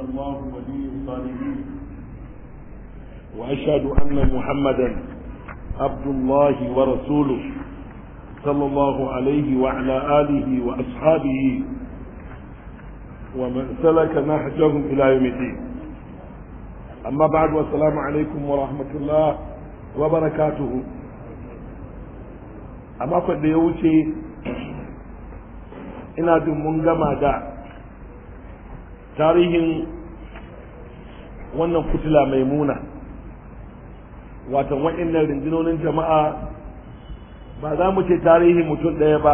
الله ولي الصالحين واشهد ان محمدا عبد الله ورسوله صلى الله عليه وعلى اله واصحابه ومن سلك نهجهم الى يوم الدين اما بعد والسلام عليكم ورحمه الله وبركاته اما قد يوشي ina jin mun gama da tarihin wannan kutula mai muna watan waɗannan rundunonin jama'a ba za mu ce tarihin mutum ɗaya ba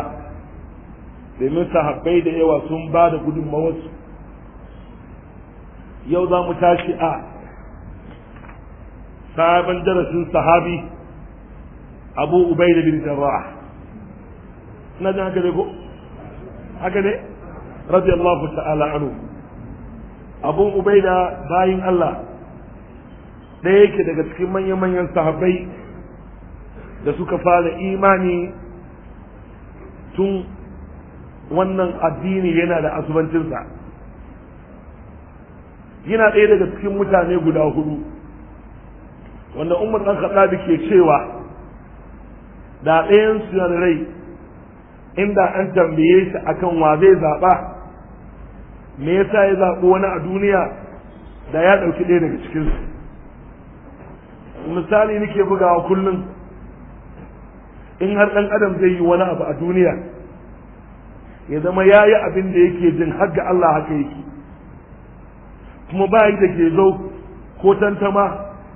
domin sahabbai da yawa sun ba da gudunmawarsu yau za mu tashi a sabon darasin sahabi abu ubai da bin jarrah ina jin haka ne ko haka ne radiyallahu ta'ala anhu abun da bayin Allah ɗaya yake daga cikin manya-manyan sahabbai da suka fara imani tun wannan addini yana da asubancinsa yana ɗaya daga cikin mutane guda hudu wanda umar ɗan kaɗabi ke cewa da ɗayan su rai inda an tambaye shi akan wa zai zaɓa me yasa ya zaɓi wani a duniya da ya ɗauki ɗaya daga cikinsu misali nake bugawa kullum in har ɗan adam zai yi wani abu a duniya ya zama ya yi abin da yake jin har ga Allah haka yake kuma ba yi da ke zo ko tantama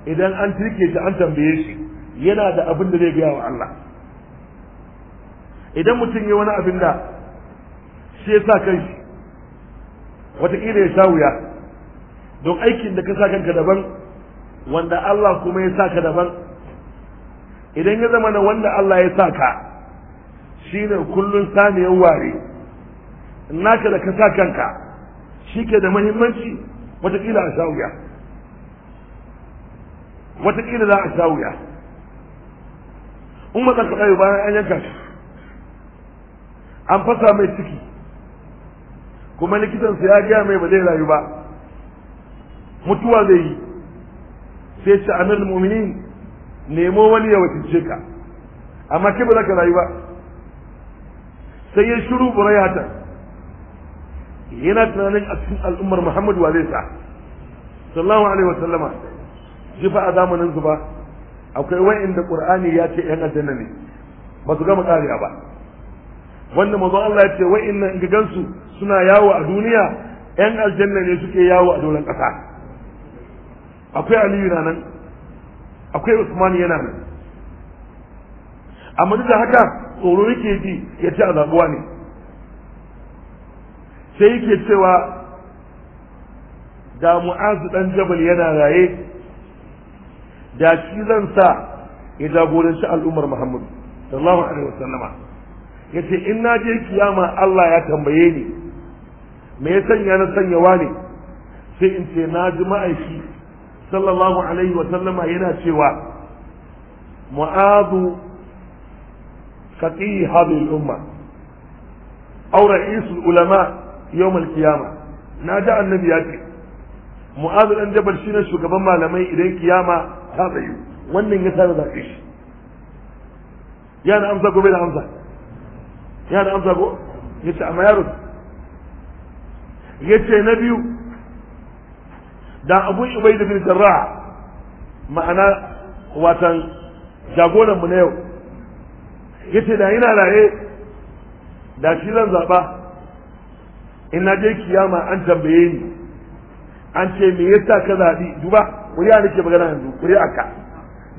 idan an tirke shi an tambaye shi yana da abin da zai gaya wa Allah idan mutum ya wani abin da shi ya sa kanshi wataƙila ya sha wuya don aikin da ka sa kanka daban wanda Allah kuma ya sa ka daban idan ya zama na wanda Allah ya sa ka shi ne kullum saniyan ware naka da ka sa kanka shi ke da muhimmanci wataƙila a sha wuya wataƙila za a sha wuya in matsar bayan an yanka shi. an fasa mai ciki kuma likitansa ya gaya mai ba zai rayu ba mutuwa zai yi sai ce amir mu'minin nemo wani ya wakilce ka amma kai ba za ka rayu ba sai ya shiru burayata yana tunanin a cikin al'ummar muhammad wa zai sa sallallahu alaihi wa sallama shi fa a zamanin su ba akwai wa'inda qur'ani ya ce yan aljanna ne ba su gama tsariya ba wanda manzon Allah ya ce wa'innan in ga gansu suna yawo a duniya yan aljanna ne suke yawo a dolan ƙasa akwai aliyu na nan akwai usman yana nan amma duk da haka tsoro yake ji ya ce a ne sai yake cewa da mu'azu ɗan jabal yana raye da shi zan sa ya jagoranci al'ummar muhammadu sallallahu alaihi wasallama ya in na je kiyama allah ya tambaye ni me ya sanya na sanyawa ne sai in ce na ji ma'aiki sallallahu alaihi wa sallama yana cewa mu'adu faqih hadhihi al-umma aw ra'is ulama yawm al-qiyamah na ji annabi ya ce mu'adu dan jabal shine shugaban malamai idan kiyama ta tsayu wannan ya sa zaɓe shi yana amsa gobe da amsa yana amsa go yace amma yaro yace na biyu da abu ubaid bin jarrah ma'ana watan jagoran mu na yau yace da ina raye da shi zan zaba in na je kiyama an tambaye ni an ce me yasa ka zabi duba kuri'a nake magana yanzu kuri'a ka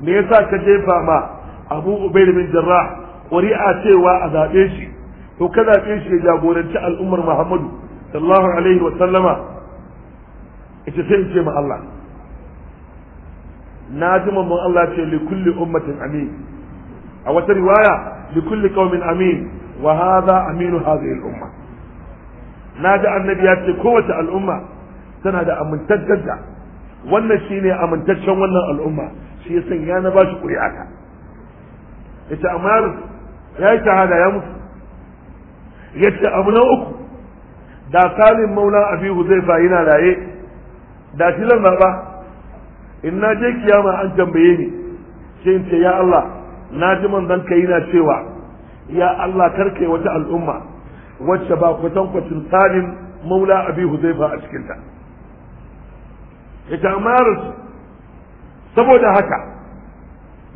me yasa ka jefa ma abu ubaid bin jarrah ƙuri'a cewa a zaɓe shi to ka zaɓe shi ya jagoranci al'ummar muhammadu صلى الله عليه وسلم اتسين جيم الله ناجم من الله تي لكل أمة أمين أو رواية لكل قوم أمين وهذا أمين هذه الأمة نادى النبي يأتي قوة الأمة تنادى أمن تجدد وانا شيني أمن تجدد الأمة شيء سنيانا باش قريعك إذا أمر يأتي هذا يمس يأتي أمن أكبر da salim maula abi huzaifa yana raye da tilan lan in na je kiyama an tambaye ni sai ce ya Allah na ji manzon kai yana cewa ya Allah karkai wata al'umma wacce ba kwatankwacin salim maula abi huzaifa a cikinta ita amma saboda haka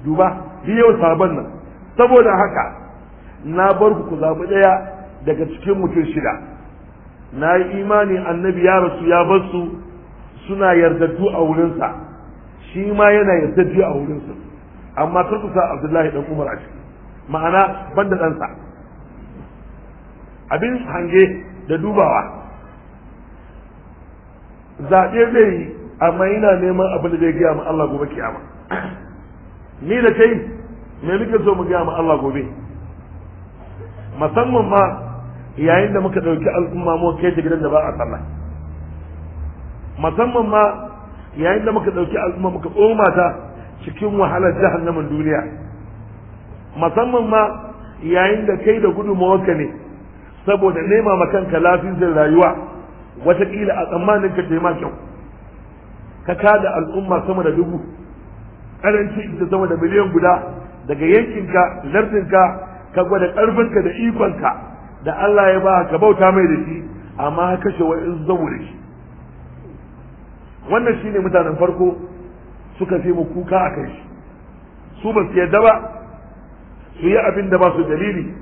duba yau sabon nan saboda haka na bar ku zabi ɗaya daga cikin mutum shida na yi imani annabi ya rasu ya bar su suna yardaddu a wurinsa shi ma yana yardaddu a wurinsa amma kar sa abdullahi dan umar a ciki ma'ana da ɗansa abin hange da dubawa zaɓe zai yi amma yana neman abin da zai gaya ma Allah gobe kiyama ni da kai me muke so mu gaya ma Allah gobe musamman ma yayin da muka ɗauki al'umma mu kai ta gidan da ba a sallah musamman ma yayin da muka ɗauki al'umma muka tsoma ta cikin wahalar jahannamin duniya musamman ma yayin da kai da mawaka ne saboda nema ma kanka lafiyar rayuwa wataƙila a tsammanin ka taima kyau ka kada al'umma sama da dubu ƙaranci ita sama da miliyan guda daga yankinka zartinka ka gwada ƙarfinka da ikonka da Allah ya ba ka bauta mai da shi amma ka kashe wa'in zaure shi wannan shine mutanen farko suka fi mu kuka a kai shi su ba su yadda ba su yi abin da ba su dalili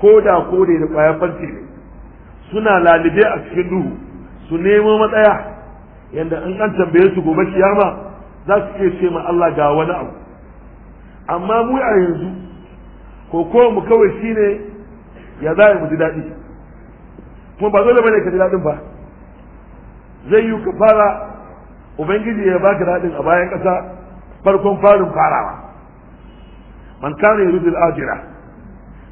ko da ko da da kwaya fanti ne suna lalibe a cikin duhu su nemo matsaya yadda in an tambaye su gobe kiyama za su iya ce ma Allah ga wani abu amma mu a yanzu ko kowa mu kawai shine ya za a ji daɗi kuma ba dole bane ka ji daɗin ba zai yi ka fara ubangiji ya baka daɗin a bayan ƙasa farkon farin farawa man kana yuridu al-ajira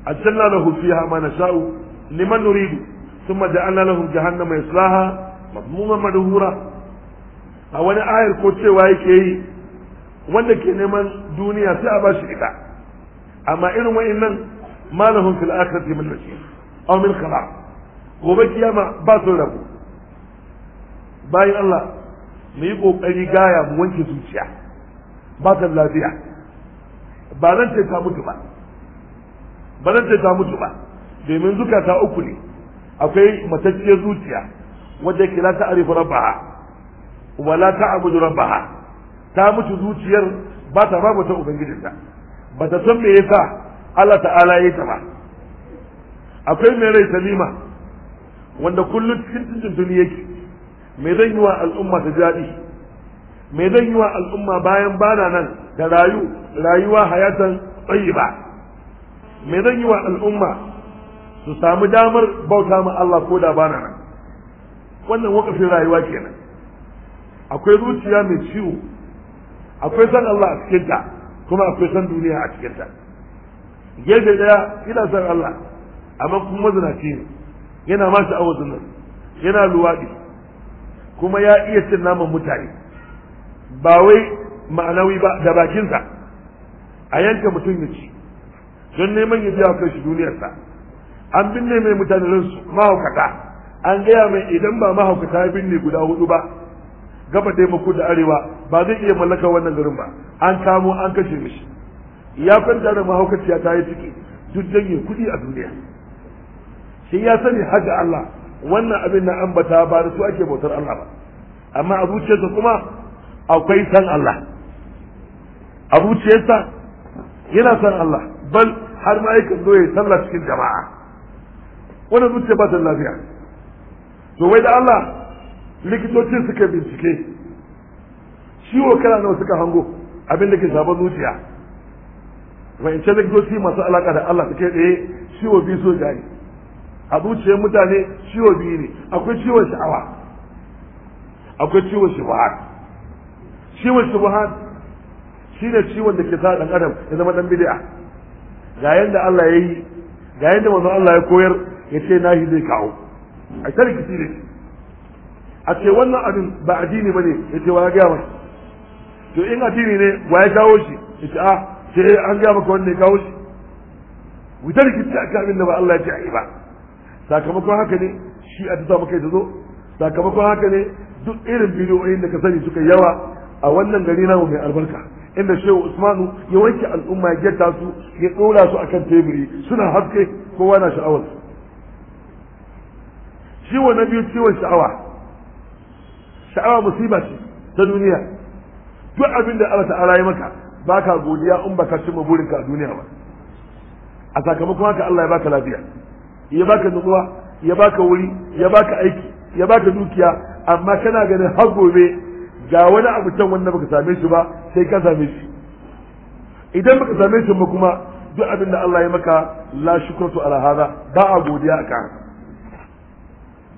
na lahu fiha ma nasha'u liman nuridu thumma ja'alna lahum jahannama yaslaha madmuman madhura a wani ayar ko cewa yake yi wanda ke neman duniya sai a ba shi ita amma irin wa'annan ma lahum fil akhirati min nashir aw min khalaq gobe kiyama ba su rabu bayan Allah mu yi kokari gaya mu wanke zuciya ba ta lafiya ba zan ce ta mutu ba ba zan ce ta mutu ba domin zukata uku ne akwai matacciyar zuciya wadda ke la ta'rifu rabbaha wa la ta'budu rabbaha ta mutu zuciyar ba ta rabata ubangijinta ba ta san me yasa Allah ta'ala ya ta ba akwai mai rai salima wanda kullum cikin duniya yake mai zan yi wa al'umma ta jaɗi mai zan yi wa al'umma bayan bana nan da rayu rayuwa hayatan tsayi ba mai zan yi wa al'umma su samu damar bauta ma Allah ko da bana nan wannan wakafin rayuwa kenan akwai zuciya mai ciwo akwai san Allah a cikinta kuma akwai san duniya a cikinta gefe daya ina son Allah amma kuma mazinaci ne yana ma sha'awar zunar yana luwaɗi kuma ya iya cin naman mutane ba wai ma'anawi ba da bakinsa a yanka mutum ya ci don neman ya biya kai shi duniyarsa an binne mai mutane ransu mahaukata an gaya mai idan ba mahaukata ya binne guda hudu ba gaba taimako da arewa ba zai iya mallaka wannan garin ba an kamo an kashe mishi ya kwanta da mahaukaciya ta yi ciki duk janye kuɗi a duniya shi ya sani haka Allah wannan abin na ambata ba da su ake bautar Allah ba amma a zuciyarsa kuma akwai san Allah a zuciyarsa yana san Allah bal har ma yakan zo ya sallah cikin jama'a wannan zuciya ba ta lafiya to wai da Allah likitocin suka bincike ciwo kana nawa suka hango abin da ke sabon zuciya da likitoci masu alaka da Allah suke tsaye ciwo biyu so jari a zuciyar mutane ciwo biyu ne akwai ciwon sha'awa akwai ciwon shubuhat ciwon shubuhat ne ciwon da ke sa ɗan adam ya zama ɗan bidiya ga yadda Allah ya yi ga yadda wanzu Allah ya koyar ya ce nahi zai kawo a rikici ne a ce wannan abin ba addini ne ya ce wa ya gaya masa to in addini ne wa ya kawo shi ya ce a ah, sai an ga maka wanda ya kawo shi wutar rikici a abin da ba Allah ya ce a yi ba sakamakon haka ne shi a tuta maka ya zo sakamakon haka ne duk irin bidiyoyin da ka sani suka yawa a wannan gari namu mai albarka inda shehu usmanu ya wanke al'umma ya getta su ya dora su akan teburi suna haske kowa na sha'awar ciwo na biyu ciwon sha'awa sha'awa musiba ce ta duniya duk abin da Allah ta'ala ya maka ba ka godiya in ba ka cimma burinka a duniya ba a sakamakon haka Allah ya baka lafiya ya baka nutsuwa ya baka wuri ya baka aiki ya baka dukiya amma kana ganin har gobe ga wani abu can wanda baka same shi ba sai ka same shi idan baka same shi ba kuma duk abin da Allah ya maka la shukratu ala hada ba a godiya a kan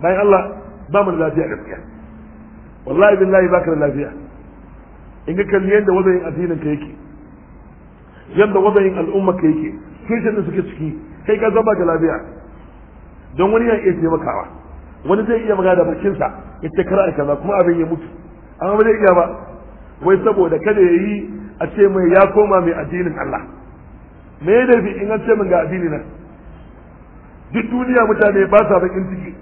bayan Allah ba mu da lafiya gaskiya wallahi billahi baka da lafiya in ga kalli yadda wazayin addinin ka yake yadda wazayin al'umma ka yake kirshen da suke ciki kai ka zama ga lafiya don wani ya iya taimakawa wani zai iya magana da bakinsa ya ta kar kaza kuma abin ya mutu amma zai iya ba wai saboda kada ya yi a ce mai ya koma mai addinin Allah me ya dafi in an ce min ga addini nan duk duniya mutane ba sa bakin ciki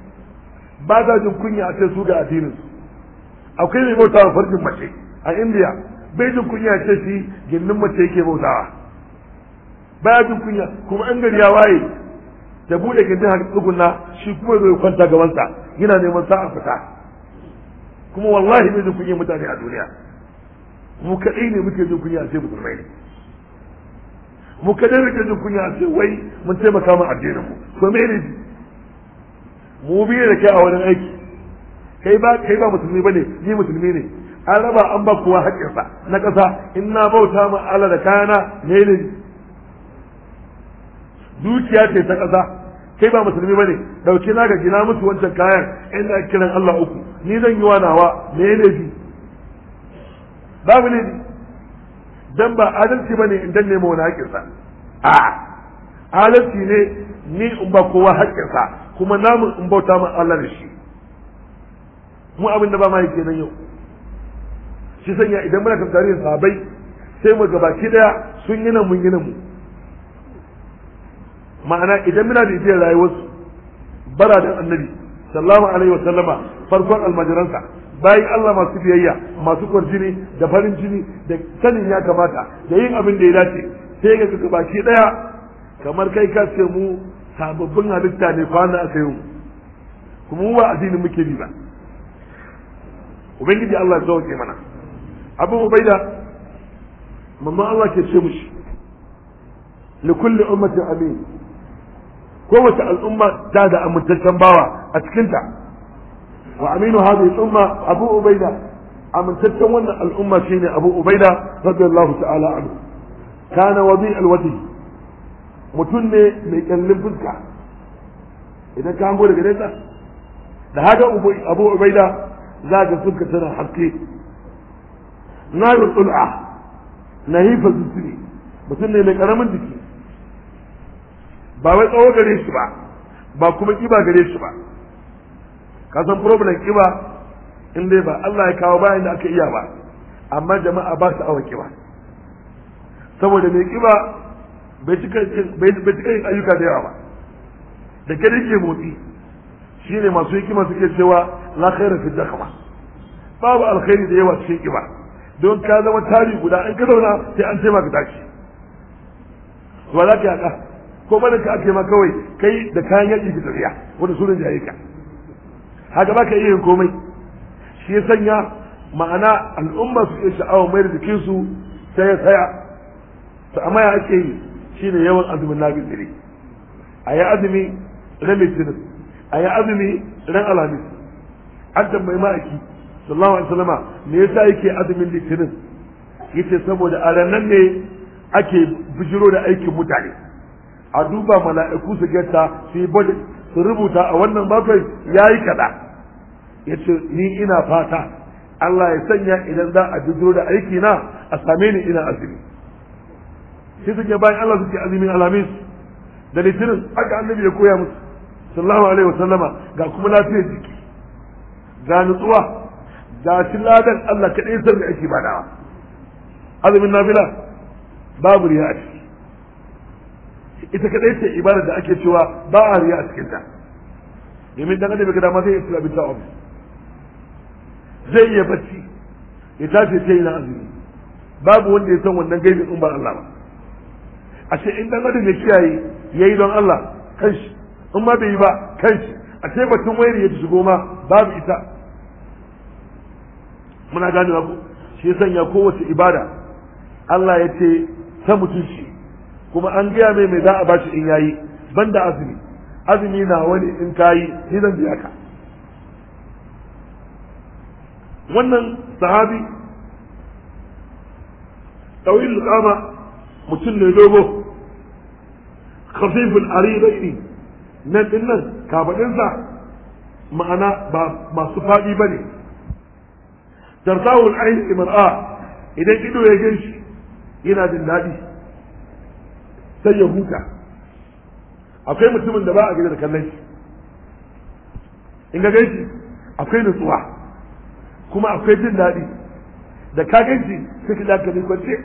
ba sa jin kunya a ce su ga addinin akwai mai bauta farkin mace a indiya bai jin kunya ce shi gindin mace yake bautawa baya jin kunya kuma an gari ya waye ta bude gindin haka tsugunna shi kuma zai kwanta gabansa yana neman sa'a fita kuma wallahi bai jin kunya mutane a duniya mu kaɗai ne muke jin kunya sai musulmai ne mu kaɗai muke jin kunya sai wai mun taimaka mu addinin mu to me ne mu biye da kai a wurin aiki kai ba kai ba musulmi bane ni musulmi ne an raba an ba kowa haƙƙinsa na ƙasa in na bauta ma Allah da kayana ne ne dukiya ce ta ƙasa kai ba musulmi bane dauki na ga gina musu wancan kayan inda kiran Allah uku ni zan yi wa nawa ne ne bi babu ne dan ba adalci bane in dan nemo wani haƙƙinsa a adalci ne ni in ba kowa haƙƙinsa kuma namu in bauta ma Allah da shi mu abin da ba ma yake nan yau shi sanya idan muna kan tarihin sahabbai sai mu gabaki daya sun yi nan mun yi mu ma'ana idan muna da bibiyar rayuwarsu bara da annabi sallallahu alaihi wa farkon almajiransa bayan Allah masu biyayya masu kwarjini da farin jini da sanin ya kamata da yin abin da ya dace sai ga gaba baki daya kamar kai ka ce mu sababbin halitta ne kwana aka yi kuma mu ba addinin muke bi ba ubangiji Allah ya sauke mana abu ubaida mamman Allah ke ce mushi li kulli ummatin amin wata al'umma ta da amintaccen bawa a cikinta wa aminu hadhihi umma abu ubaida amintaccen wannan al'umma shine abu ubaida radiyallahu ta'ala anhu kana wadi alwadi mutum ne mai kyallin fuska idan ka hango daga nesa da haka abu ubaida za ga fuska tana haske nabil ul'a nahifa zutri mutum ne mai karamin jiki ba wai tsawo gare shi ba ba kuma kiba gare shi ba ka san problem kiba in dai ba Allah ya kawo bayan da aka iya ba amma jama'a ba su awa kiba saboda mai kiba bai cika yin ayyuka da yawa ba da kada yake motsi shine masu hikima suke cewa la khaira fi dakhma babu alkhairi da yawa cikin kiba don ka zama tari guda in ka zauna sai an taimaka tashi ba za ka yaka ko mana ka ake ma kawai kai da kayan yaƙi ki tafiya wanda sunan jaye ka haka ba ka iya yin komai shi ya sanya ma'ana al'umma su iya sha'awar mai da jikinsu sai ya tsaya to amma ya ake yi shi ne yawan azumin nafil dare a yi azumi ran litinin a yi azumi ran alhamis an tambayi ma'aiki sallallahu alaihi wasallama me yasa yake azumin litinin yace saboda a ranar ne ake bijiro da aikin mutane a duba mala'iku su gata su yi su rubuta a wannan bakwai ya yi kaɗa yace ni ina fata Allah ya sanya idan za a bijiro da aiki na a same ni ina azumi sai suke bayan Allah suke azumin alamis da litinin aka annabi ya koya musu sallallahu alaihi wasallama ga kuma lafiyar jiki ga nutsuwa ga shi ladan Allah kaɗai san da ake bada azumin nafila babu riya a ciki ita kaɗai ce ibada da ake cewa ba a riya a cikinta domin dan adam ga dama zai iya tura bisa ofis zai iya bacci ya tashi sai na azumi babu wanda ya san wannan gaibin in ba Allah ba A ce in dan adam ya kiyaye yayi don Allah kanshi in ma bai yi ba kanshi A ce batun wairi ya shigo ma babu ita muna ganewa ku shi sanya kowace ibada Allah ya ce ta mutunci kuma an gaya mai mai za a bashi in yayi banda azumi azumi na wani in kayi sai zan biya ka wannan sahabi tawil kama mutum ne dogo khafifin arirai nan din nan kafaɗinsa ma'ana ba masu faɗi ba ne tartawul aini mar'a idan ido ya gan shi yana jin daɗi sai ya huta akwai mutumin da ba a gida da kallon shi in ga gan shi akwai nutsuwa kuma akwai jin daɗi da ka gan shi sai ka dakali kwance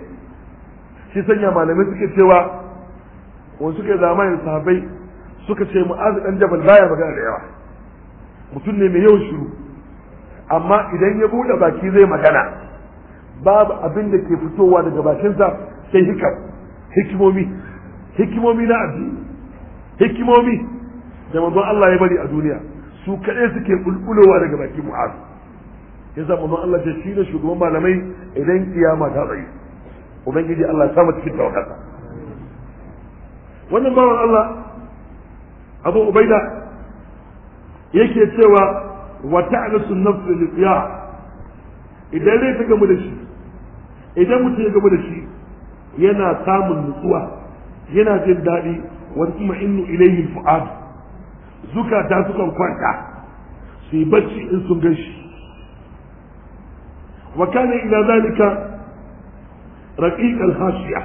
shi sanya malamai suke cewa wasu suke zamanin sahabbai suka ce mu'azu ɗan jabal baya magana da yawa mutum ne mai yawan shiru amma idan ya bude baki zai magana babu abin da ke fitowa daga bakinsa sai hikam hikimomi hikimomi na addini hikimomi da manzon Allah ya bari a duniya su kaɗai suke bulbulowa daga baki mu'az ya zama manzon Allah ce shi ne shugaban malamai idan kiyama ta tsaye ubangiji Allah ya samu cikin tawakkata wannan bawan Allah Abu Ubaida yake cewa wa ta'lasu nafsu liqiya idan zai ta gamu da shi idan mutum ya gamu da shi yana samun nutsuwa yana jin daɗi wa kuma innu ilayhi fu'ad zukata sukan kwanta su yi bacci in sun gan shi wa kana ila zalika raqiqal jan hashiya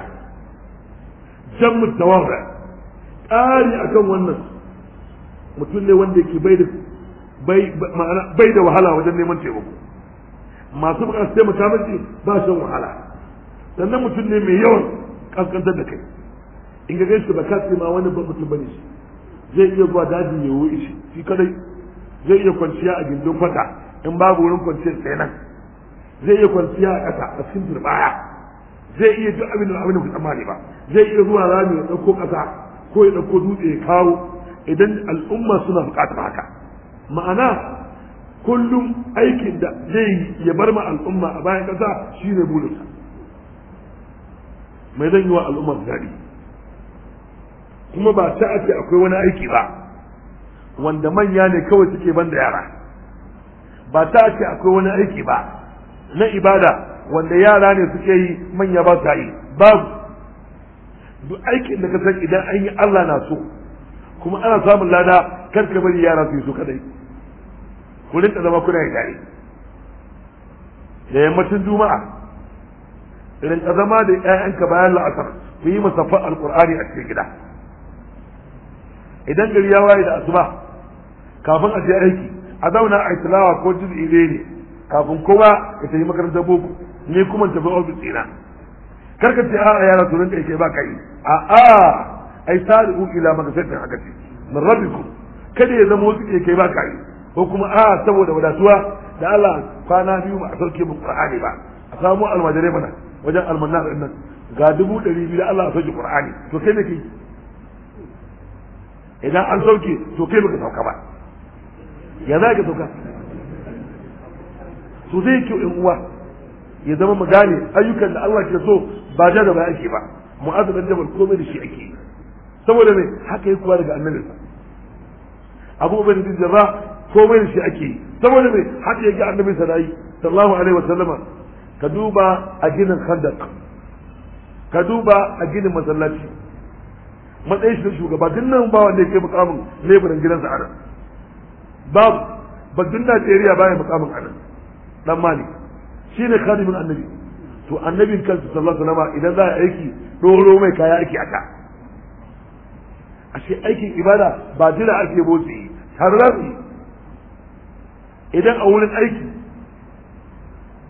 jammu tawara ƙari akan wannan mutum ne wanda yake bai da bai ma'ana bai da wahala wajen neman taimako masu bukatar taimaka mace ba shan wahala sannan mutum ne mai yawan kaskantar da kai in ga gaisu ba ka ma wani mutum bane shi zai iya zuwa daji ya yi shi shi kadai zai iya kwanciya a gindin kwata in babu wurin kwanciyar sai nan zai iya kwanciya a ƙasa a cikin turbaya zai iya duk abin da abin da tsammani ba zai iya zuwa rami ya ɗauko ƙasa ko ya ɗauko dutse ya kawo idan al'umma suna buƙatar haka ma'ana kullum aikin da zai ya bar ma al'umma a bayan ƙasa shi ne burinsa mai zan yi wa al'ummar gari kuma ba ta ake akwai wani aiki ba wanda manya ne kawai suke ban da yara ba ta ake akwai wani aiki ba na ibada wanda yara ne suke yi manya ba sa yi babu duk aikin da kasar idan an yi Allah na so kuma ana samun lada kar ka bari yara su yi su kadai ku rinka zama kuna yi tare da yammacin juma'a rinka zama da 'ya'yanka bayan la'asar ku yi musaffa alkur'ani a cikin gida idan gari ya waye da asuba kafin a je aiki a zauna a tilawa ko juz'i ne kafin kowa ya tafi makarantar boko ni kuma tafi ofis ina karka ce a'a yara su rinka yake ba kai a'a ai sari'u ila da haka ce min rabbikum kada ya zama wasu kai ba ka yi ko kuma a ah, saboda wadatuwa da Allah kwana biyu mu a sauke mu Qur'ani ba a samu almajirai mana wajen almanna din nan ga dubu ɗari biyu da Allah a sauke Qur'ani to kai ne kai idan an sauke to kai baka sauka ba ya za ka sauka to zai kyau in uwa ya zama mu gane ayyukan da Allah ke so ba da ba ake ba mu'azzabin jabal komai da shi ake saboda ne haka yi kuwa daga annabinsa abu ubin din jaba komai da shi ake saboda mai haɗe yake annabi sanayi sallallahu alaihi wasallama ka duba a ginin khandaq ka duba a ginin masallaci matsayin shi na shugaba duk nan ba wanda yake mukamin leburan gidansa a nan babu baddun ba baya mukamin a dan mali shi ne khadimin annabi to annabin kansa sallallahu alaihi wasallama idan za a aiki dogoro mai kaya ake aka ashe aikin ibada ba jira ake motsi har za idan a wurin aiki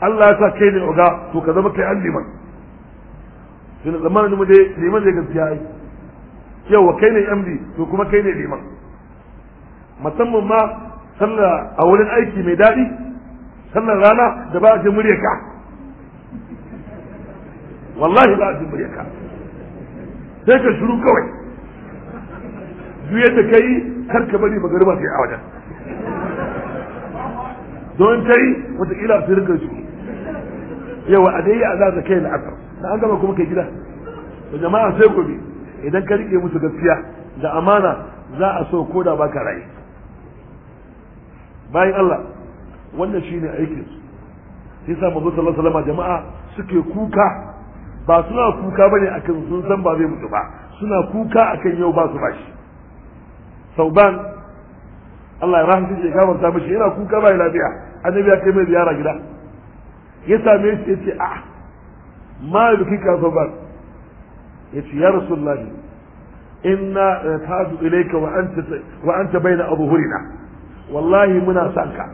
Allah ya sa kai ne oga to ka zama kai an liman shi na zamanin mu dai liman zai gaskiya ai cewa kai ne MD to kuma kai ne liman musamman ma sallah a wurin aiki mai daɗi sallar rana da ba a murya ka, wallahi ba a murya ka, sai ka shiru kawai duk yadda ka yi kar ka bari ta yi a wajen don ta yi wataƙila su rika su yawa a dai a zaza kai la'asar da an gama kuma kai gida da jama'a sai gobe idan ka rike musu gaskiya da amana za a so ko da baka raye bayan Allah wannan ne aikin su sai sa mazo sallallahu alaihi jama'a suke kuka ba suna kuka bane akan sun san ba zai mutu ba suna kuka akan yau ba su bashi sauban Allah ya rahanta shi ya gafarta mishi yana kuka bai lafiya annabi ya kai mai ziyara gida ya same shi ya ce a ah, ma yukika sauban ya ce ya rasulullahi inna tadu ilayka wa anta wa anta baina adhhurina wallahi muna ka.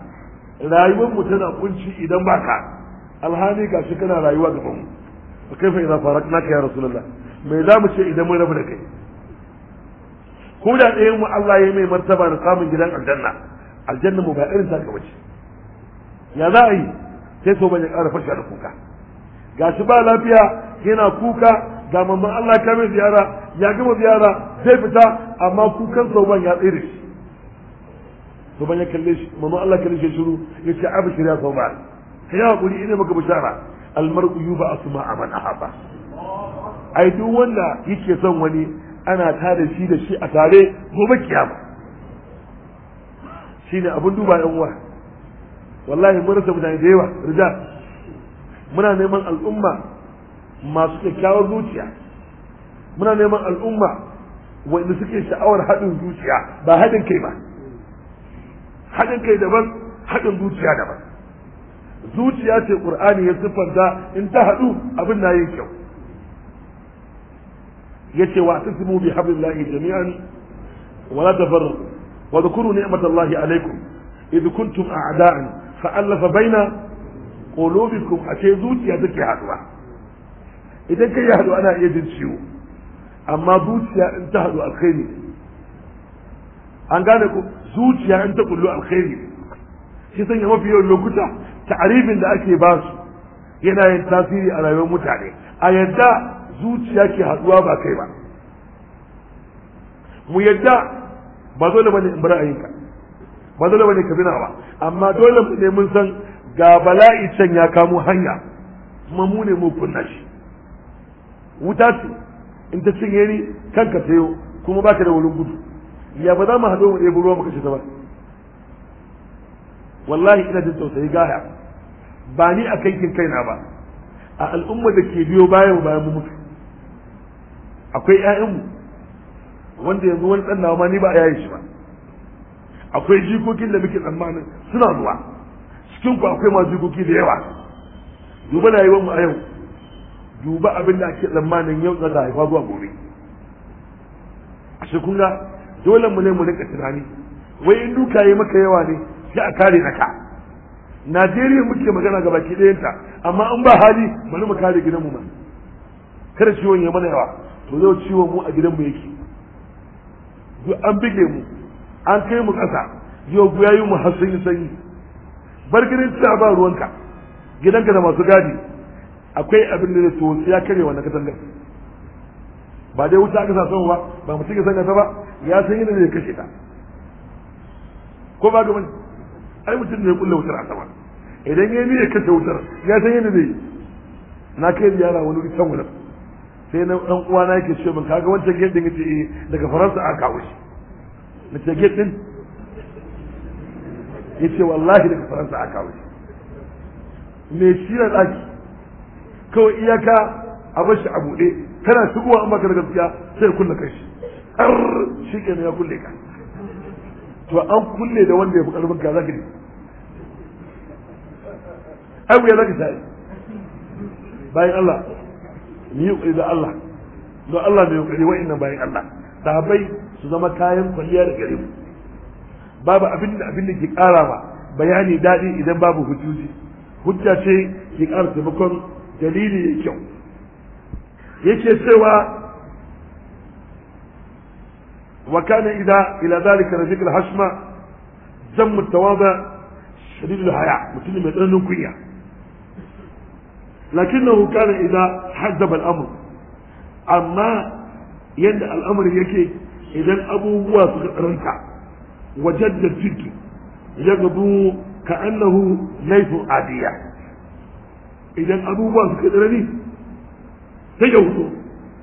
rayuwar mu tana kunci idan baka alhali ga shi kana rayuwa gaban mu kai fa idza faraknaka ya rasulullah me za mu ce idan mun rabu da kai ko da ɗayan mu Allah ya mai martaba da samun gidan aljanna aljanna mu ba irin ta ka bace ya za a yi sai so ban ya ƙara fasha da kuka Ga shi ba lafiya yana kuka ga mamman Allah ka mai ziyara ya gama ziyara zai fita amma kukan so ban ya tsere shi so ban ya kalle shi mamman Allah kalle shi shiru ya ce abu shirya so ba ka yi haƙuri ina maka bishara almar'u yuba asma aman ahaba ai duk wanda yake son wani ana tare shi da shi a tare gobe kiyama ne abin duba yan uwa wallahi mun rasa mutane da yawa rida muna neman al'umma masu kyakkyawar zuciya muna neman al'umma wanda suke sha'awar haɗin zuciya ba haɗin kai ba haɗin kai daban haɗin zuciya daban zuciya ce ƙur'ani ya siffanta in ta haɗu abin na yin kyau yace wa tasimu bi hablillahi jami'an wa la tafarraqu wa dhkuru ni'matallahi alaykum id kuntum a'da'an fa alafa baina qulubikum ashe zuciya take haduwa idan kai haɗu ana iya jin ciwo amma zuciya in ta haɗu alkhairi an gane ku zuciya in ta kullu alkhairi shi sanya mafi yawan lokuta ta'aribin da ake basu yana yin tasiri a rayuwar mutane a yadda zuciya ke haduwa ba kai ba mu yadda ba dole bane in bar ra'ayinka ba dole bane ka ba amma dole mu ne mun san ga bala'i can ya kamo hanya kuma mu ne mu kunna shi wuta ce in ta cinye ni kanka sayo kuma baka da wurin gudu ya ba za mu haɗo mu ɗebo ruwa mu kashe ta ba wallahi ina jin tausayi gaya ba ni a kankin kaina ba a al'ummar da ke biyo bayan bayan mu mutu akwai ƴaƴanmu wanda yanzu wani ɗan nawa ma ni ba a yayin shi ba akwai jikokin da muke tsammanin suna zuwa cikin ku akwai ma jikoki da yawa duba rayuwar mu a yau duba abin da ake tsammanin yau da haifa zuwa gobe A shekunga dole mu ne mu rinka tunani wai in duka yi maka yawa ne sai a kare naka Najeriya muke magana ga baki ɗayanta amma in ba hali bari mu kare gidanmu ma kada ciwon ya mana yawa to yau ciwon mu a gidanmu yake duk an bige mu an kai mu ƙasa yau guyayi mu har sanyi sanyi bar gidan ta ba ruwanka gidanka da masu gadi akwai abin da to ya kare wannan katangar ba dai wuta aka sa ba ba mutum ya sanya ta ba ya san yadda zai kashe ta ko ba ga wani ai mutum ne ya kulle wutar a sama idan ya yi ya kashe wutar ya san yadda zai na kai ziyara wani wuri can sai na dan uwa na yake ce min kaga wancan gate din yace eh daga faransa aka kawo shi nace gate din yace wallahi daga faransa aka kawo shi me shi da daki kawai iyaka a bar shi a bude kana shigowa an baka gaskiya sai kulle kai shi har shi ne ya kulle ka to an kulle da wanda ya fi karfin ka zaka ne ai wuya zaka sai bayan Allah ni yi da Allah don Allah mai wa inna bayan Allah da bai su zama kayan kwalliya da gare mu babu abin da abin da ke ƙara ba bayani daɗi idan babu hujjoji hujja ce ke ƙara taimakon dalili ya kyau yake cewa ida ila إلى rajul hashma الحشمة ذم haya mutum mutum mai يدرن kunya lakinnahu kana idza haddaba al-amr amma yadda al'amari yake idan abubuwa suka tsananta wajen da ciki ya gabu ka annahu laifin adiya idan abubuwa suka tsanani sai ya hudu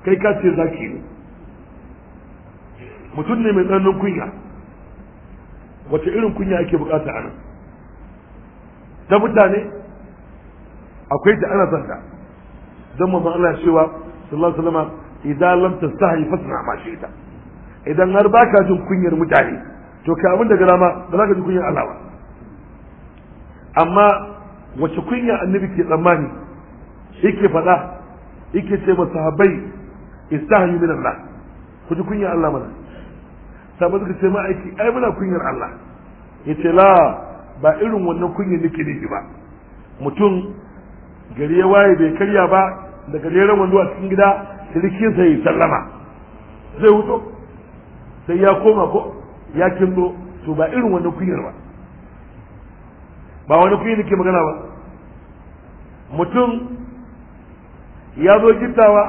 kai ka ce zaki ne mutum ne mai tsananin kunya wace irin kunya ake bukata a nan da mutane akwai da ana zanta ta don mazan Allah cewa sallallahu alaihi wasallam idan lam tastahi fasna ma shi ta idan har baka jin kunyar mutane to ka abin da galama ba za ka ji kunyar Allah ba amma wace kunya annabi ke tsammani yake faɗa yake ce masahabai istahayu min Allah ku ji kunyar Allah mana sabu suka ce ma'aiki ai muna kunyar Allah yace la ba irin wannan kunyar nake nufi ba mutum gari ya waye bai karya ba da gari ran wando a cikin gida sirikin sai sallama zai wuto sai ya koma ko ya kindo to ba irin wani kuyar ba ba wani kuyar ke magana ba mutum ya zo gittawa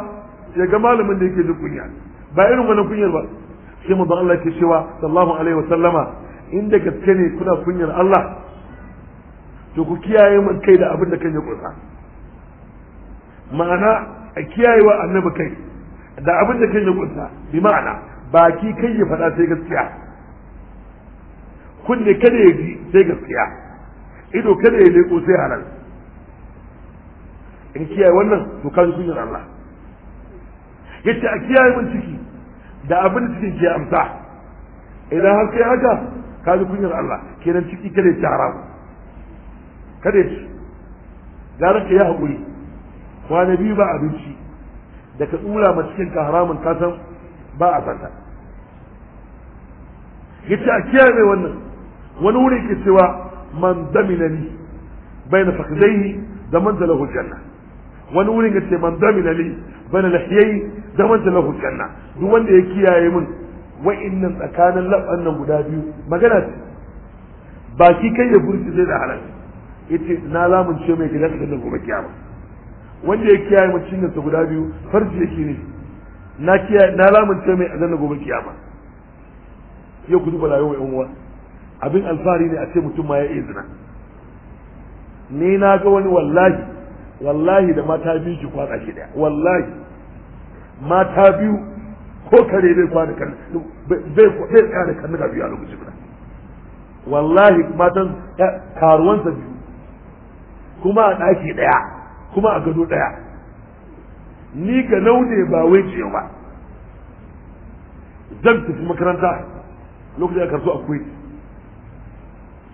ya ga malamin da yake da kunya ba irin wani kunyar ba sai mu Allah ke cewa sallallahu alaihi wa sallama inda gaske ne kuna kunyar Allah to ku kiyaye mun kai da abin da kan ya kusa ma'ana a kiyayewa annabi kai da abin da kai ya kunsa bi ma'ana baki kai ya faɗa sai gaskiya kunne kada ya ji sai gaskiya ido kada ya leko sai halal in kiyaye wannan to kaji kunyar Allah yace a kiyaye mun ciki da abin da cikin ke amsa idan har sai haka kaji kunyar Allah kenan ciki kada ya ci haramu kada ya ci gara ka yi haƙuri kwana biyu ba abinci da ka tsura ma cikin ka haramun ka san ba a santa yace a kiyaye wannan wani wuri ke cewa man damina ni baina fakidai da man zalahu janna wani wurin yace man damina li baina lahiyai da man zalahu janna duk wanda ya kiyaye min wa'innan tsakanin laban nan guda biyu magana ce baki kai ya burki zai da halal yace na lamunce mai gidan da gobe kiyama wanda ya kiyaye mu cinyarsa guda biyu farji yake ne na kiyaye na lamunce mai azan gobe kiyama yau ku duba layuwa yan uwa abin alfahari ne a ce mutum ma ya iya zina ni na ga wani wallahi wallahi da mata biyu ki kwana shi daya wallahi mata biyu ko kare bai kwana kan bai bai kare kan ga biyu a lokacin da wallahi matan karuwansa biyu kuma a ɗaki ɗaya kuma a gado ɗaya ni ga ne ba wai ce ba zan tafi makaranta lokacin da karso a kuwait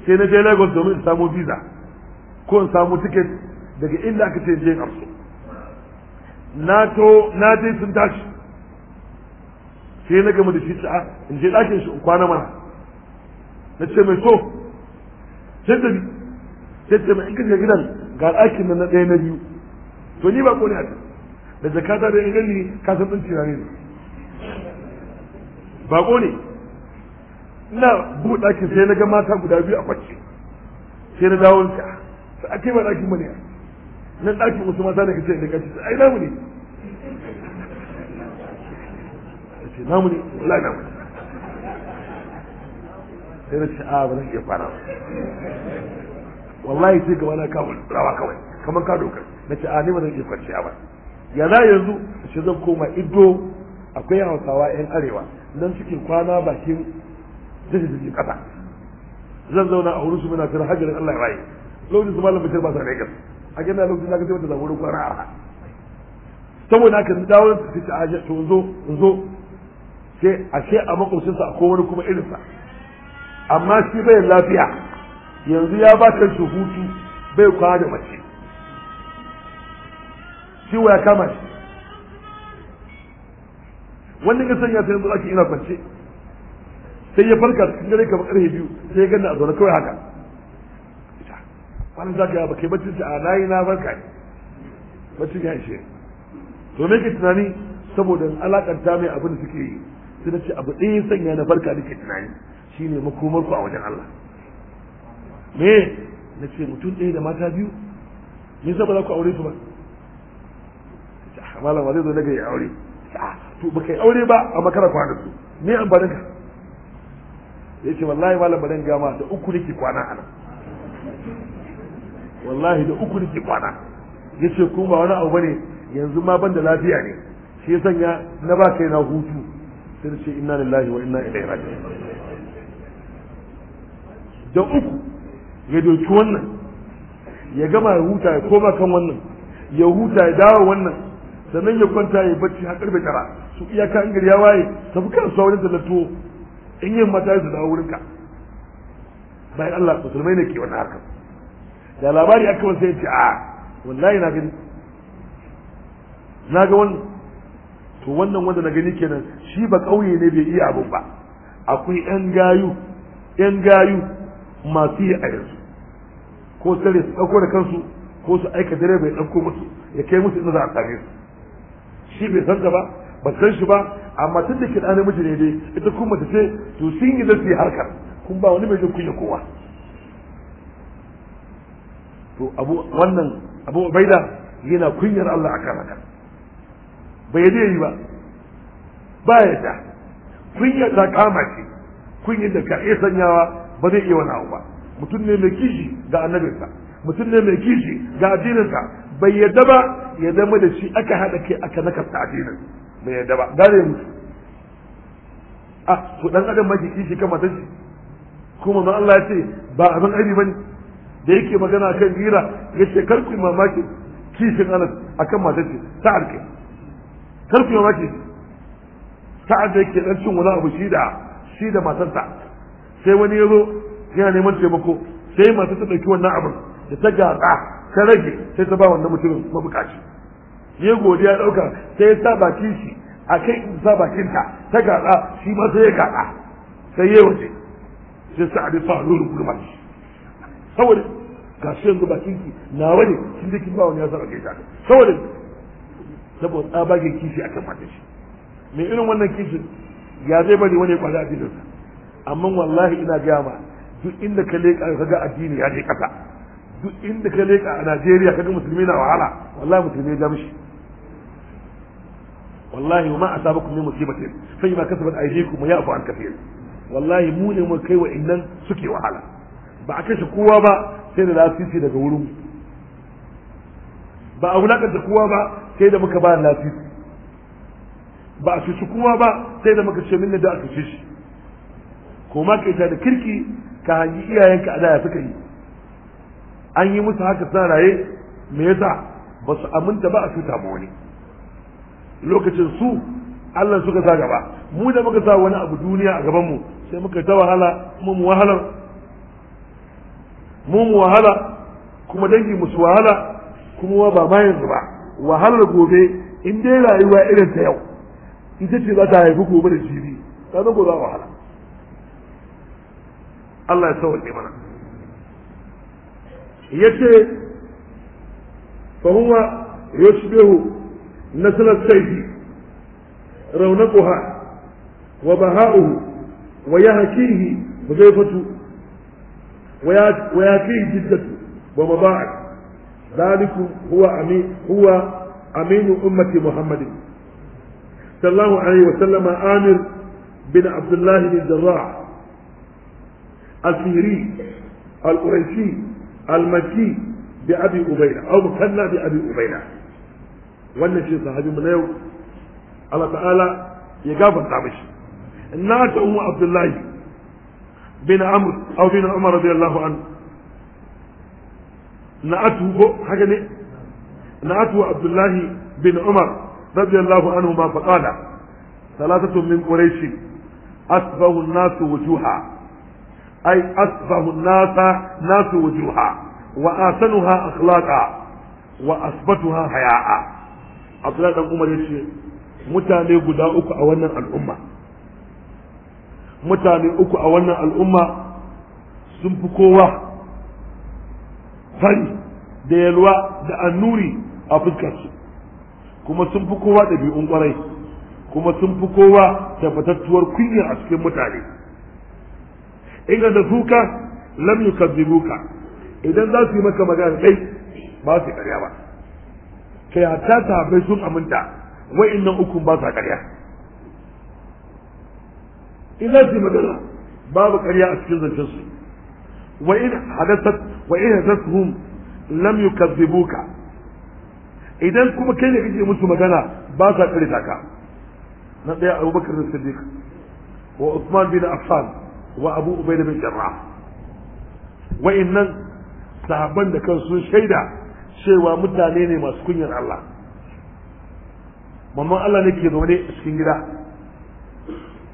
sai na je lagos domin in samu visa ko in samu ticket daga inda aka ce je karso na to na je sun tashi sai na gama da shi ta ah, in je ɗakin shi in kwana mana na ce mai so sai ta sai ce mai in ka je gidan ga ɗakin nan na ɗaya na biyu to ni ba ko ne a can da jakata da gani ka san tsinci na ne ba ko ne ina buɗe ɗakin sai na ga mata guda biyu a kwace sai na dawo ta sai ake ba ɗakin mu ne na ɗakin wasu mata da kace da kace ai namu ne na namu ne na namu ne sai na ce a ah, ba zan iya fara wallahi sai gaba na kawo rawa kawai kamar ka dokar na ce a ne ba zan iya kwanciya ba ya za yanzu shi zan koma ido akwai hausawa yan arewa nan suke kwana bakin jirgin kasa zan zauna a wurin su muna tara hajjarin Allah ya raye lokacin su malam bakar ba sa Lagos a gina lokacin zaka sai wata zamu wurin kwana a saboda haka su dawo su ci a to zo zo sai ce a makwasinsa a wani kuma irinsa amma shi bayan lafiya yanzu ya ba ta shi hutu bai kwana da mace ciwo ya kama shi wannan ya sanya sai yanzu ake ina kwance sai ya farka cikin dare kamar karfe biyu sai ya ganna a zaune kawai haka wani za ka yi bacci kai bacci a layi na barka ne bacci ya ishe to me ke tunani saboda alakanta mai abin da suke yi sai na ce abu ɗaya sanya na barka nake tunani shine makomar ku a wajen Allah me na ce mutum ɗaya da mata biyu me yasa ba za ku aure su ba ah, malam zai zo daga ya aure ah, to ba kai aure ba a makara kwana su me an ka ya ce wallahi malam ba gama da uku nake kwana a nan wallahi da uku nake kwana ya ce kuma ba wani abu bane yanzu ma ban da lafiya ne shi ya sanya na ba kai na hutu sai ce inna lillahi wa inna ilaihi raji'un da uku ya doki wannan ya gama ya huta ya koma kan wannan ya huta ya dawo wannan sannan ya kwanta ya bacci har karfe tara su iyaka in gari ya waye tafi kasuwa wajen talato in yin mata ya dawo wurinka bayan Allah musulmai ne ke wani haka da labari aka wasa ya ce a wallahi na gani na ga wannan to wannan wanda na gani kenan shi ba kauye ne bai iya abun ba akwai yan gayu yan gayu masu yi a yanzu ko tare su ɗauko da kansu ko su aika dare mai ɗauko musu ya kai musu inda za a same su shi bai san ba ba san shi ba amma tun da kiɗa namiji ne dai ita kuma mace ce to sun yi da harkar kun ba wani mai jin kunya kowa to abu wannan abu da yana kunyar Allah kan haka bai yadda yi ba ba yadda kunyar da kama ce kunyar da ka iya sanyawa ba zai iya wani abu ba mutum ne mai kishi ga annabinsa mutum ne mai kishi ga addininsa bai yadda ba ya zama da shi aka haɗa kai aka nakasta addinin bai yadda ba gane mutu a ah, to dan adam mai kishi kan matan shi kuma ma Allah ya ce ba abin ba bane da yake magana kan gira ya kar ku mamaki kishin Anas akan matan ce sa'ar kai karfi mamaki sa'ar da yake dan cin wani abu shi da shi da matarsa sai wani ya zo yana neman taimako sai mata ta ɗauki wannan abin da ta gaza ta rage sai ta ba wannan mutumin mabukaci ya godiya ya ɗauka sai ya sa bakin shi a kai in sa bakin ta ta shi ma sai ya gaza sai ya waje sai sa abin sa lulu gurma shi saboda ga shi yanzu bakin ki na wani kin da kin ba wani ya sa bakin ta saboda saboda tsabagen kishi kan matan shi mai irin wannan kishin ya zai bari wani ya kwada a fitinsa amma wallahi ina gaya ma duk inda ka leƙa ka ga addini ya je ƙasa duk inda ka leƙa a Najeriya ka ga musulmi na wahala wallahi musulmi ya gamshi wallahi ma asabakum min musibatin fa ma kasabat aydikum ya ya'fu an kafir wallahi mu ne mu kai wa innan suke wahala ba a kashe kowa ba sai da lasisi daga wurin ba a da kowa ba sai da muka ba lasisi ba a cuci kowa ba sai da muka ce minna da aka cuci shi koma ka da kirki ka hangi iyayenka a daya suka yi an yi musu haka sa raye me yasa ba su aminta ba a cuta ma wani lokacin su Allah suka sa gaba mu da muka sa wani abu duniya a gaban mu sai muka ta wahala mu mu wahala mu mu wahala kuma dangi musu wahala kuma ba ma yanzu ba wahalar gobe in dai rayuwa irin ta yau ita ce za ta haifi gobe da jibi ta zan gobe wahala Allah ya sauke mana yace fa huwa yushbihu naslat sayfi raunaquha wa baha'uhu wa yahkihi hudayfatu wa ya yahkihi jiddatu wa maba'at dhalikum huwa amin huwa amin ummati muhammadin sallallahu alaihi wa sallama amir bin abdullah bin jarrah السيري القريشي المكي بأبي أبينا أو مكنا بأبي أبينا وانا شيء صحيح من اليوم الله تعالى يقاف الطابش الناس أم عبد الله بن عمر أو بن عمر رضي الله عنه نأته حاجة نأته عبد الله بن عمر رضي الله عنه ما فقال ثلاثة من قريش أصبه الناس وجوها أي أصبح الناس ناس وجوها وآسنها أخلاقا وأثبتها حياء Abdullahi dan Umar ya ce mutane guda uku a wannan al'umma mutane uku a wannan al'umma sun fi kowa fari da yalwa da annuri a fuskarsu kuma sun fi kowa ɗabi'un ƙwarai kuma sun fi kowa tabbatattuwar kunya a cikin mutane in ga dafuka lam yukazzibuka idan za su yi maka magana kai ba su karya ba kai hatta sahabbai sun aminta wa'annan uku ba sa karya in za su yi magana babu karya a cikin zancen su wa in hadathat wa in hadathum lam yukazzibuka idan kuma kai ne kake musu magana ba sa karya ka na daya abubakar da siddiq wa usman bin affan wa abu ubaida bin jarrah wa'annan sahabban da kan sun shaida cewa mutane ne masu kunyar Allah mamman Allah ne ke zaune a cikin gida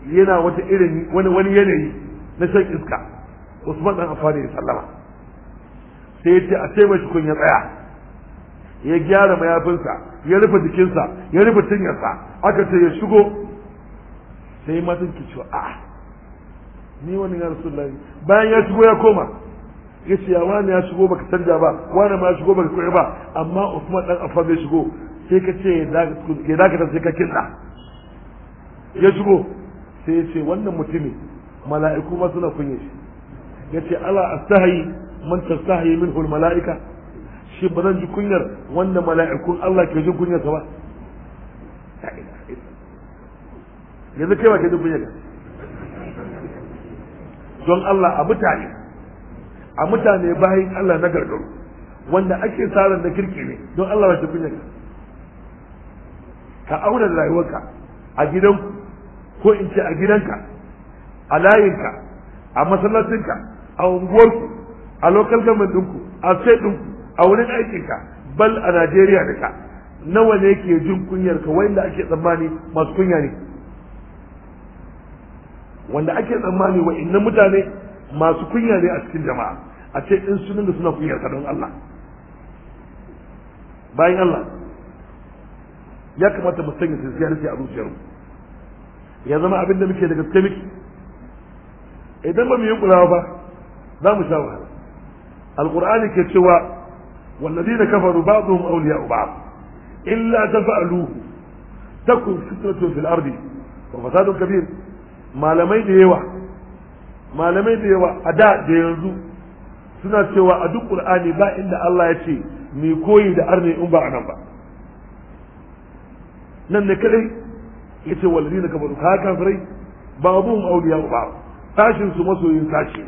yana wata irin wani wani yanayi na san iska Usman dan afani ya sallama sai ya ce a ce mai kunya tsaya ya gyara mayafinsa ya rufe jikinsa ya rufe tunyarsa aka ce ya shigo sai matan ki a'a ni wani ya rasulullahi bayan ya shigo ya koma ya ce ya wani ya shigo baka canja ba wani ma ya shigo baka kuri ba amma Usman dan afa bai shigo sai ka ce ya dakata sai ka kinda ya shigo sai ya ce wannan mutumin mala'iku ma suna kunye shi ya ce ala astahayi man tastahayi hul mala'ika shi ba zan ji kunyar wanda mala'ikun Allah ke jin kunyarsa ba yanzu kai ba ke jin kunyar don Allah a mutane a mutane bayan Allah na gargaru wanda ake tsarin na kirki ne don Allah ba shi kunya ka auna da rayuwarka a gidanku ko in ce a gidanka a layinka a masallacinka a unguwarku a local government ɗinku a state ɗinku a wurin aikinka bal a Najeriya da ka nawa ne ke jin kunyarka ka wanda ake tsammani masu kunya ne wanda ake tsammani wa inna mutane masu kunya ne a cikin jama'a a ce in sunan da suna kunyar don Allah bayan Allah ya kamata mu sanya sinciyar a mu ya zama abin da muke da gaske miki idan ba mu yi kulawa ba za mu sha wahala alqur'ani ke cewa والذين كفروا بعضهم أولياء بعض إلا تفعلوه تكن فتنة في الأرض وفساد كبير malamai da yawa malamai da yawa a da da yanzu suna cewa a duk qur'ani ba inda Allah ya ce ni koyi da arne in ba anan ba nan ne kadai yace walladina kafaru ka abu mu auliya ba tashin su masoyin tashi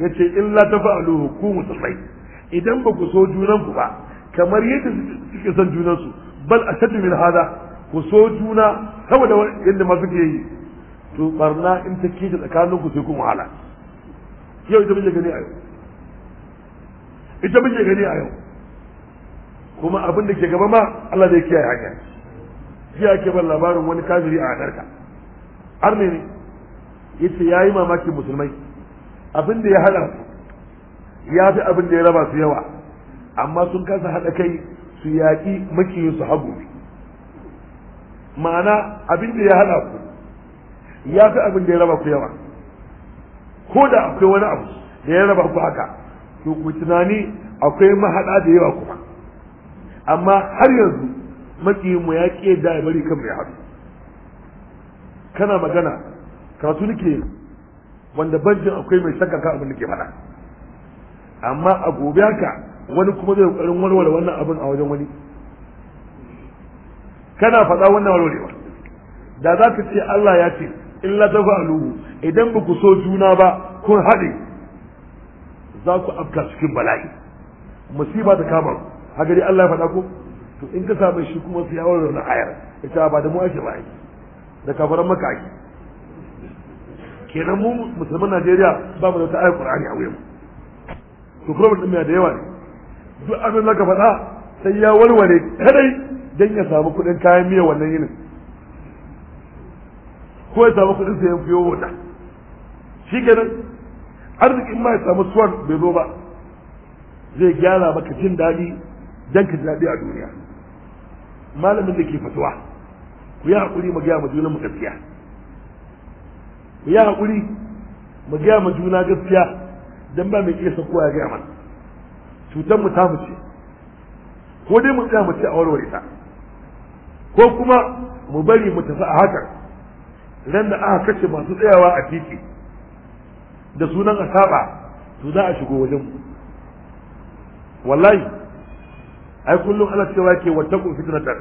yace illa tafa'alu ku musulmai idan ba ku so junan ku ba kamar yadda suke son junansu bal asadu min hada ku so juna saboda yadda ma suke yi to barna in ta kije tsakanin ku sai kun wahala yau ita muke gani a yau ita muke gani a yau kuma abin da ke gaba ma Allah zai kiyaye hanya jiya ake ban labarin wani kafiri a hadarka. har ne yace yayi mamakin musulmai abin da ya hada ya fi abin da ya raba su yawa amma sun kasa haɗa kai su yaƙi su hagu ma'ana abin da ya hada ku ya fi abin da ya raba ku yawa ko da akwai wani abu da ya raba ku haka to ku tunani akwai mahaɗa da yawa kuma amma har yanzu makiyinmu ya ƙi da ya bari kan mai haɗu kana magana karatu nake wanda banjin akwai mai shakka kan abin da ke faɗa amma a gobe haka wani kuma zai ƙoƙarin warware wannan abin a wajen wani kana faɗa wannan warwarewa da za ka ce Allah ya ce in la tafaluhu idan ba ku so juna ba kun haɗe za ku afka cikin bala'i musiba ta kama haka dai Allah ya faɗa ko to in ka same shi kuma sai ya warware na ayar ita ba da mu ake ba da kafaran maka ake kenan mu musulman Najeriya ba mu da ta ayar Qur'ani a wuyan to problem din da yawa ne duk abin da ka faɗa sai ya warware kadai dan ya samu kuɗin kayan miya wannan yinin ko ya samu kuɗin sa ya biyo wuta shi kenan arzikin ma ya samu suwan bai zo ba zai gyara maka jin daɗi dan ka daɗi a duniya malamin da ke fatuwa ku yi haƙuri mu gaya ma juna mu gaskiya ku yi haƙuri mu gaya ma juna gaskiya dan ba mai kesa kowa ya gaya mana cutar mu ta fice ko dai mu tsaya mu ci a warware ta ko kuma mu bari mu tafi a hakan ran da aka kashe masu tsayawa a titi da sunan asaba to za a shigo wajen wallahi ai kullum ana cewa ke wata ku fitnatar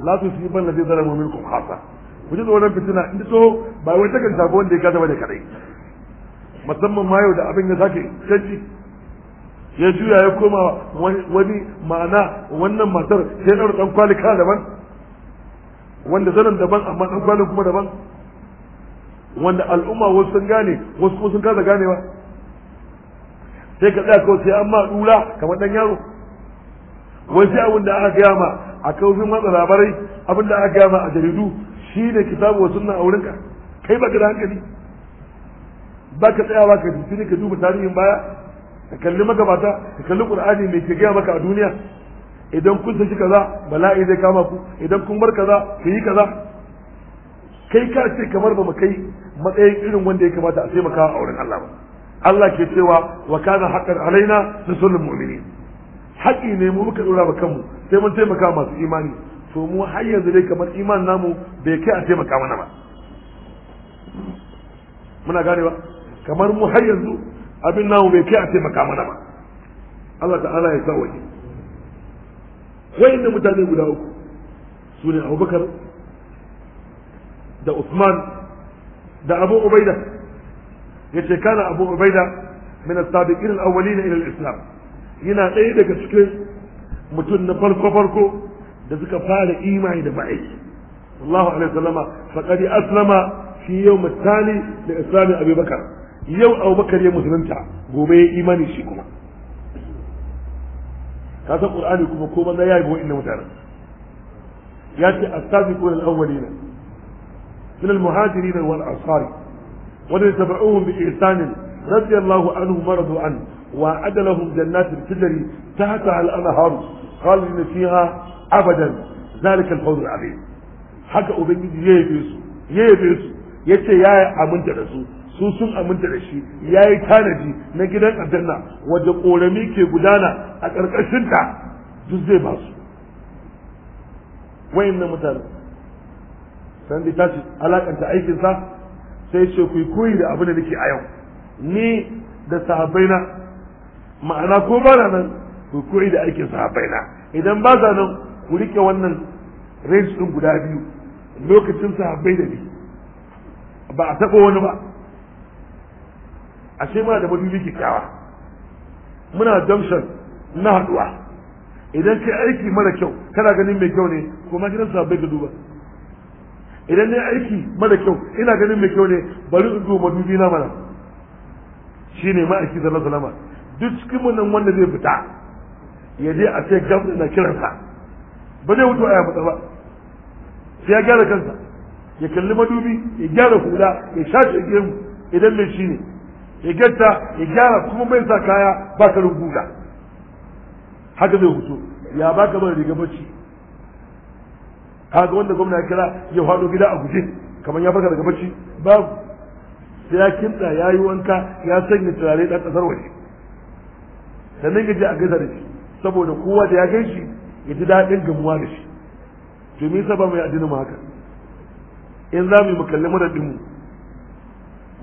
la tu fi ban ladhi zalamu minkum khasa ku ji wannan fitina in so ba wai take shafi wanda ya gaza da kadai musamman ma yau da abin ya sake canji ya juya ya koma wani ma'ana wannan matar sai ɗaura ɗan kwalika daban wanda zanen daban amma ɗan kwalin kuma daban wanda al'umma wasu sun gane wasu kuma sun kasa ganewa sai ka tsaya kawai sai an ma kamar dan yaro wai sai abin da aka gaya ma a kawai matsa labarai abin da aka gaya a jaridu shi ne sabu wasu na ka. kai ba ka da hankali ba ka tsaya ba ka ji ne ka duba tarihin baya ka kalli magabata ka kalli qur'ani mai ke gaya maka a duniya idan kun tafi kaza bala'i zai kama ku idan kun bar kaza ka yi kaza kai ka ce kamar ba mu kai matsayin irin wanda ya kamata a taimaka a wurin Allah ba Allah ke cewa wa kana haqqan alaina nusul mu'minin haƙi ne mu muka dora ba kanmu sai mun taimaka masu imani to mu har yanzu dai kamar iman namu bai kai a taimaka mana ba muna gane ba kamar mu har yanzu abin namu bai kai a taimaka mana ba Allah ta'ala ya sa waje da mutane guda uku su ne Abubakar da Usman da Abu Ubaida yace kana Abu Ubaida min as-sabiqin al-awwalin ila al-islam yana ɗaya daga cikin mutum na farko farko da suka fara imani da ba'i sallallahu alaihi wasallama faqad aslama fi yawm ath-thani li islam Abi Bakar yau Abu Bakar ya musulunta gobe ya imani shi kuma ka san Qur'ani kuma ko maza ya yi ga wa'annan mutanen ya ce as-sabiqun al-awwalin من المهاجرين والأنصار والذين تبعوهم بإحسان رضي الله عنهم ورضوا عنه وأعد لهم جنات تجري تحتها الأنهار خالدين فيها أبدا ذلك الفوز العظيم haka ubangiji ya yabe yaya ya yabe su ya ce ya aminta da su su sun aminta da shi ya yi tanaji na gidan adanna wadda ƙorami ke gudana a ƙarƙashinta duk zai basu. su wayannan mutane san da tashi alakanta aikinsa sai ce ku koyi da abin da nake a yau ni da sahabbaina ma'ana ko ba na nan ku koyi da aikin sahabbaina idan ba za nan ku rike wannan range din guda biyu lokacin sahabbai da ni ba a taɓa wani ba ashe muna da madubi kyakkyawa muna junction na haɗuwa idan kai aiki mara kyau kana ganin mai kyau ne kuma gidan sahabbai ka duba idan ne aiki mara kyau ina ganin mai kyau ne bari in duba dubi na mana shine ma aiki zama salama duk cikin munan wanda zai fita ya je a sai gabda na kiransa ba zai a ya fita ba sai ya gyara kansa ya kalli madubi ya gyara hula ya shace gemu idan mai shi ne ya gyarta ya gyara kuma mai sa kaya ba ka rubuta haka zai hutu ya baka bar riga bacci kaga wanda gwamna ya kira ya faɗo gida a guje kamar ya farka daga bacci babu sai ya kinta ya yi wanka ya sanya turare ɗan ƙasar waje sannan ya je a gaisa da shi saboda kowa da ya gan shi ya ji daɗin gamuwa da shi domin saba mai addinin mu haka in za mu yi mu kalli madadin mu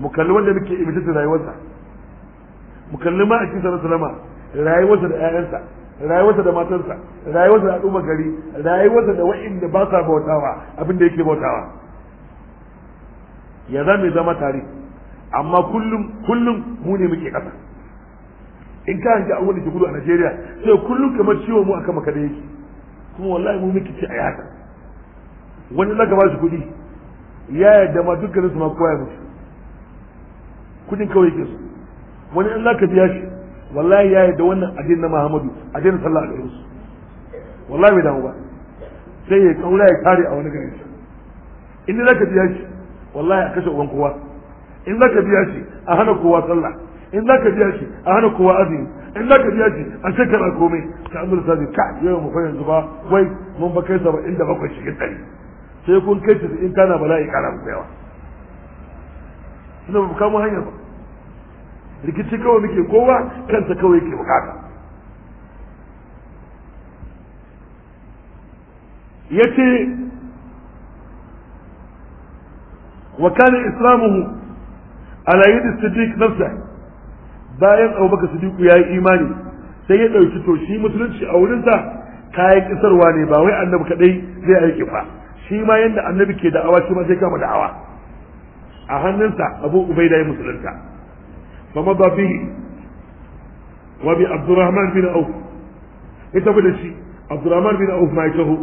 mu kalli wanda muke imitar da rayuwarsa mu kalli ma'aikin a salama rayuwarsa da 'ya'yansa rayuwarsa da matarsa rayuwarsa da al'umma gari rayuwarsa da wa'inda ba sa bautawa abin da yake bautawa ya zame zama tare amma kullum kullum mu ne muke kasa in ka hanci abubuwan da ke gudu a Najeriya sai kullum kamar ciwon mu maka da yake kuma wallahi mu muke ci a yaka. wani zaka ba shi kuɗi ya yadda ma dukkanin su ma kowa ya mutu kudin kawai yake su wani in zaka biya shi wallahi ya yadda wannan addinin na Muhammadu addinin sallah a garin su wallahi bai damu ba sai ya kaura ya kare a wani garin in ne zaka biya shi wallahi a kashe uban kowa in zaka biya shi a hana kowa sallah in zaka biya shi a hana kowa azumi in zaka biya shi a shekara komai ka amur sa ka yau mu fa yanzu ba wai mun ba kai saba'in da bakwai shi ɗari sai kun kai shi in kana bala'i kana mu yawa suna ba mu kamo hanyar ba rikici kawai muke kowa kansa kawai ke bukata Ya ce kana islamuhu ala yadi siddiq nafsa bayan abubakar siddiq ya yi imani sai ya ɗauki to shi musulunci a wurinsa kayan kisarwa ne ba wai annabi kadai zai aiki fa shi ma yanda annabi ke da'awa shi ma zai kama da'awa a hannunsa abu ubaida ya musulunta فمضى به وابي عبد الرحمن بن أوف يتفل الشيء عبد الرحمن بن أوف ما يتهو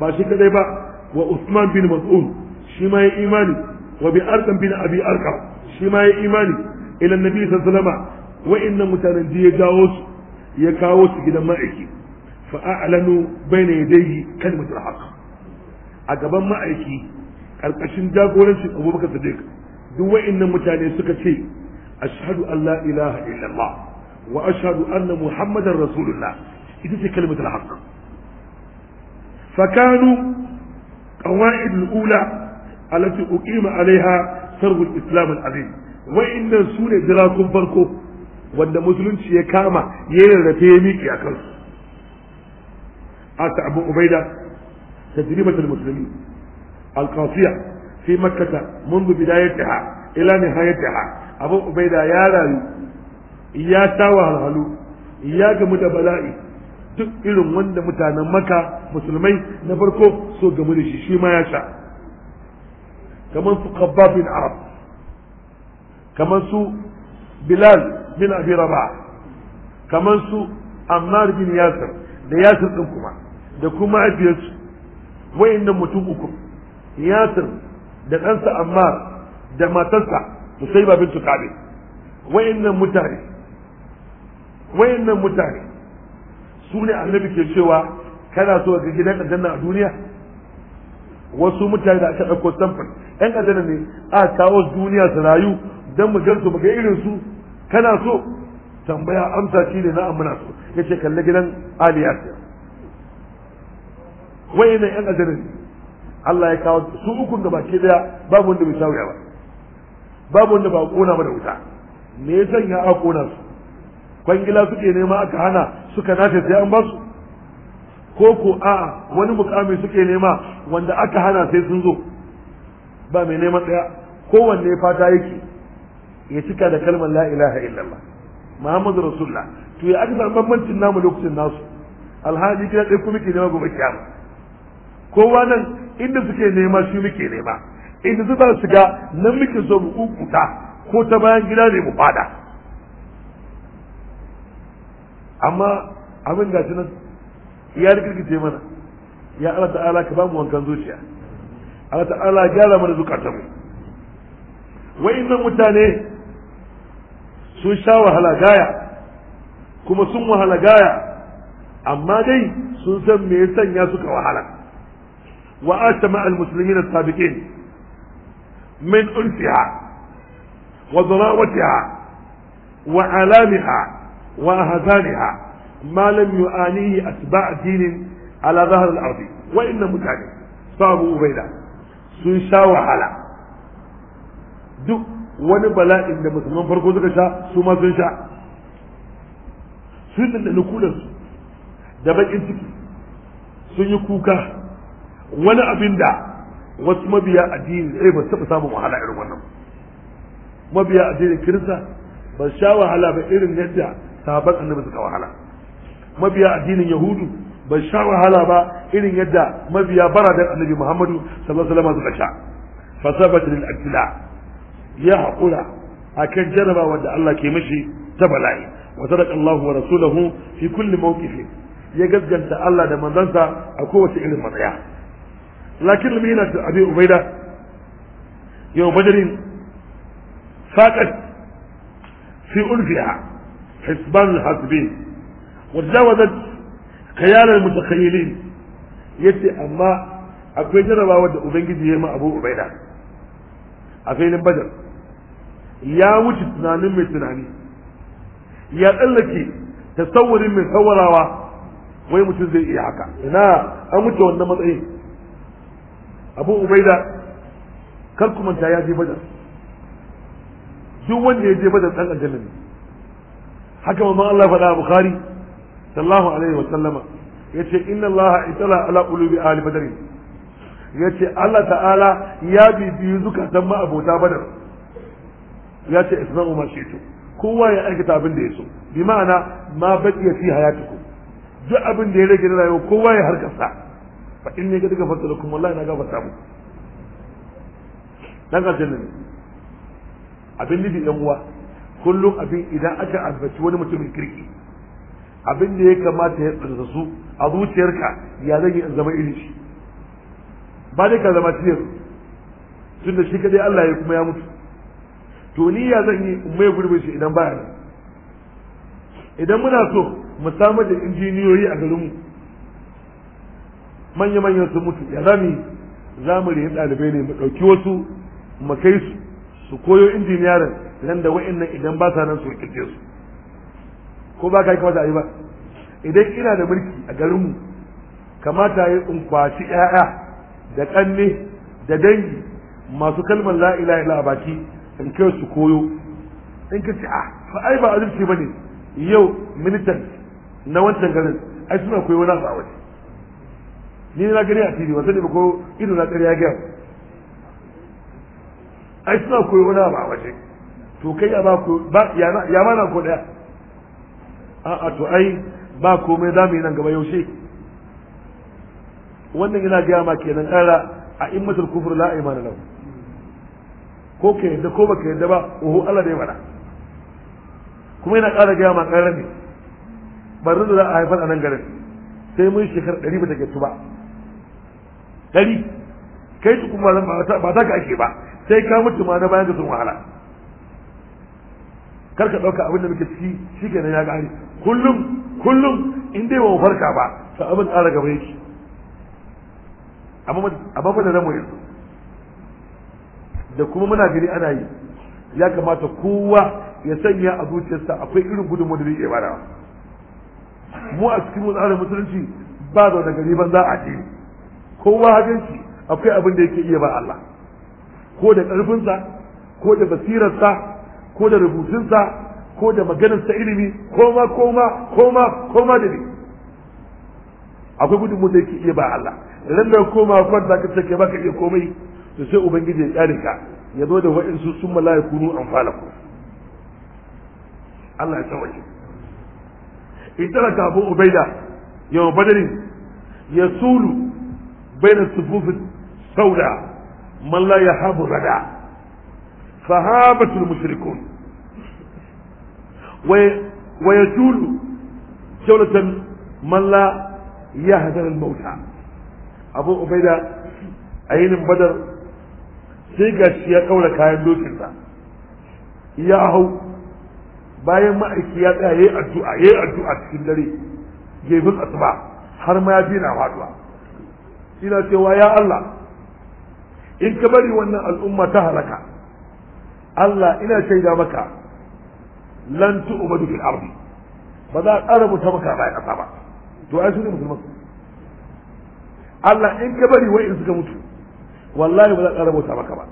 باشي كده بقى وعثمان بن مسعود شما إيماني وبأرقم بن أبي أرقم شما إيماني إلى النبي صلى الله عليه وسلم وإن متنجي يجاوز يكاوز كده مائكي فأعلنوا بين يديه كلمة الحق أجابا مائكي karkashin jagorancin abubakar sadiq duk wa'annan mutane suka ce ashhadu an la ilaha illallah wa ashhadu anna muhammadar rasulullah ita ce kalmatul haqq fakanu qawaid al-ula allati uqima alaiha sarhu al-islam al-azim wa'annan sune dirakun farko wanda musulunci ya kama ya rarrafe ya miƙe a kansu أتى أبو عبيدة تجربة المسلمين القاسية في مكة منذ بدايتها ila ha abu ubaida ya rayu ya ta wahalhalu ya gamu da bala'i duk irin wanda mutanen maka musulmai na farko so gamu da shi shi ma ya sha kamar su khabbab bin arab kamar su bilal bin abi rabah kamar su ammar bin yasir da yasir din kuma da kuma afiyarsu wayannan mutum uku yasir da ɗansa ammar da matarsa sai musaiba su kabe wayannan mutane wayannan mutane su ne annabi ke cewa kana so ga gidan aljanna a duniya wasu mutane da aka ɗauko samfur yan aljanna ne a kawo duniya su rayu don mu gansu mu ga irin su kana so tambaya amsa shi ne na'am muna so yace kalle gidan aliyat wayannan yan aljanna ne Allah ya kawo su ukun gaba ke daya babu wanda bai shawaya ba babu wanda ba kona ba da wuta me ya sanya a kona su kwangila suke nema aka hana suka nace sai an basu ko ko a wani mukami suke nema wanda aka hana sai sun zo ba mai neman daya kowanne fata yake ya cika da kalmar la ilaha illallah muhammadu rasulullah to ya aka san bambancin namu lokacin nasu alhaji kira ɗaya kuma ke nema gobe kiyama kowa nan inda suke nema shi muke nema inda duk za ga nan muke so mu kukuta ko ta bayan gida ne mu fada amma abin gashi nan ya rikirkice mana ya Allah ta'ala ka ba mu wankan zuciya Allah ta'ala gyara mana zukatan mu wa'annan mutane sun sha wahala gaya kuma sun wahala gaya amma dai sun san me ya sanya suka wahala wa ashtama al-muslimin as-sabiqin من أنسها وضراوتها وآلامها وأهزانها ما لم يعانيه أتباع دين على ظهر الأرض وإن متعني صابوا بينا sun sha wahala duk wani bala'in da musulman farko suka sha su ma sun sha sun da nukulansu da bakin ciki sun yi kuka wani abinda. wasu mabiya addini ai ba taɓa samun wahala irin wannan mabiya addinin kirista ba sha wahala ba irin yadda sahabban annabi suka wahala mabiya addinin yahudu ba sha wahala ba irin yadda mabiya baradar annabi muhammadu sallallahu alaihi wasallam suka sha fasabat lil ibtila ya haƙura akan jaraba wanda Allah ke mishi ta bala'i wa sadaqa Allahu wa rasuluhu fi kulli mawqifin ya gaskanta Allah da manzansa a kowace irin matsaya lakin lumi yana da abin ubaida yau badarin faƙas fi ulfiya hisban hasibin wajawazat kayalar mutakayyilin yace amma akwai jarabawa da ubangiji ya ma abu ubaida a filin badar ya wuce tunanin mai tunani ya tsallake tasawurin mai tsawarawa wai mutum zai iya haka ina an wuce wannan matsayin abu ubaida kar ku manta ya je badar duk wanda ya je badar dan aljanna ne haka ma Allah faɗa a bukhari sallallahu alaihi wa sallama yace inna Allah itala ala qulubi ahli badar yace Allah ta'ala ya bibiyi zukatan ma abota badar yace isma'u ma shi'tu kowa ya aikata abin da ya so bi ma'ana ma baqiya fi hayatikum duk abin da ya rage na rayuwa kowa ya harkarsa fa in ne ga daga farta lakum wallahi na gafarta muku dan aljanna ne abin da yan uwa kullum abin idan aka albaci wani mutumin kirki abin da ya kamata ya tsarsa su a zuciyarka ya zan yi zama irin shi ba dai ka zama ciyar tun da shi kadai Allah ya kuma ya mutu to ni ya zan yi mai gurbin shi idan baya idan muna so mu samar da injiniyoyi a garinmu manya manya sun mutu ya zami za mu ɗalibai ne mu ɗauki wasu mu kai su su koyo injiniyarin nan da wa'annan idan ba sa nan su rikirce su ko ba ka yi kamata a yi ba idan ina da mulki a garinmu kamata yi in kwashi 'ya'ya da ƙanne da dangi masu kalmar la ilaha illa baki in kai su koyo in ka ce a ah, fa ai ba azurci bane yau minitan na wancan garin ai suna koyo wani a wani ni na gani a tv wasu ne ko ido na tsari ya gaya. ai suna koyo wani ba waje to kai ya ba ko ba ya ma na ko daya a'a to ai ba komai za mu yi nan gaba yaushe wannan yana gaya ma kenan kara a immatul kufur la imana lau. ko ka yadda ko baka yadda ba oho Allah bai mana kuma yana ƙara gaya ma ƙarar ne barin da za a haifar a nan garin sai mun shekar ɗari ba ta ba dari kai tukun ba ta ka ake ba sai ka mutu ma na bayan da sun wahala kar ka ɗauka abin da muke ciki shi ke ya gari kullum kullum in dai ba farka ba ta abin ƙara gaba yake amma ba da zamu yanzu da kuma muna gari ana yi ya kamata kowa ya sanya a zuciyarsa akwai irin gudunmu da zai bada mu a cikin mu tsarin musulunci ba da gari ban za a ce kowa haganci akwai abin da yake iya ba Allah ko da ƙarfinsa ko da basirarsa ko da rubutunsa ko da maganarsa ilimi koma koma koma koma da ne akwai gudun da yake iya ba Allah idan da koma da ka take baka iya komai to sai ubangiji ya tsare ka ya zo da wa'insu sun mala'iku nu amfana ku Allah ya tsawaye idan ka Abu Ubaida yau badari ya sulu بين الصفوف السوداء من لا يهاب الردى فهابة المشركون وي ويجول جولة من لا يهدر الموتى أبو عبيدة أين بدر سيقى الشياء قولة كاين دوشنسا يا هو bayan ma'aiki ya tsaya yayi addu'a yayi addu'a cikin dare gefin asuba har ma ya dina faduwa suna cewa ya Allah in ka bari wannan al'umma ta halaka Allah ina shaida maka lan tu'badu fil ardi ba za a ƙara mutum maka bayan ƙasa ba to ai su ne musulman Allah in ka bari wai in suka mutu wallahi ba za a ƙara mutum maka ba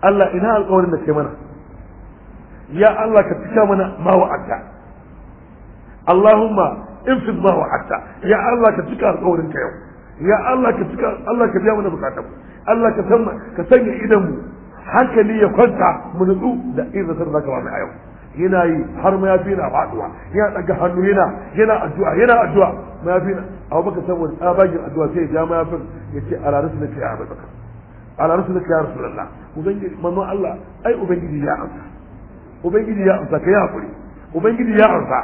Allah ina alƙawarin da ke mana ya Allah ka cika mana ma wa'adta Allahumma infid ma wa'adta ya Allah ka cika alƙawarin ka yau ya Allah ka cika Allah ka biya mana bukatun Allah ka san ka sanya idan mu hankali ya kwanta mu nutsu da irin sun zaka ba mu a yau yana yi har mayafi na faduwa yana daga hannu yana yana addu'a yana addu'a mayafi na abu baka san wani tsabagin addu'a sai ya ja mayafin ya ce ala rasu da kiyar baka ala rasu da kiyar rasulullah ubangiji manzo Allah ai ubangiji ya amsa ubangiji ya amsa ka kai hakuri ubangiji ya amsa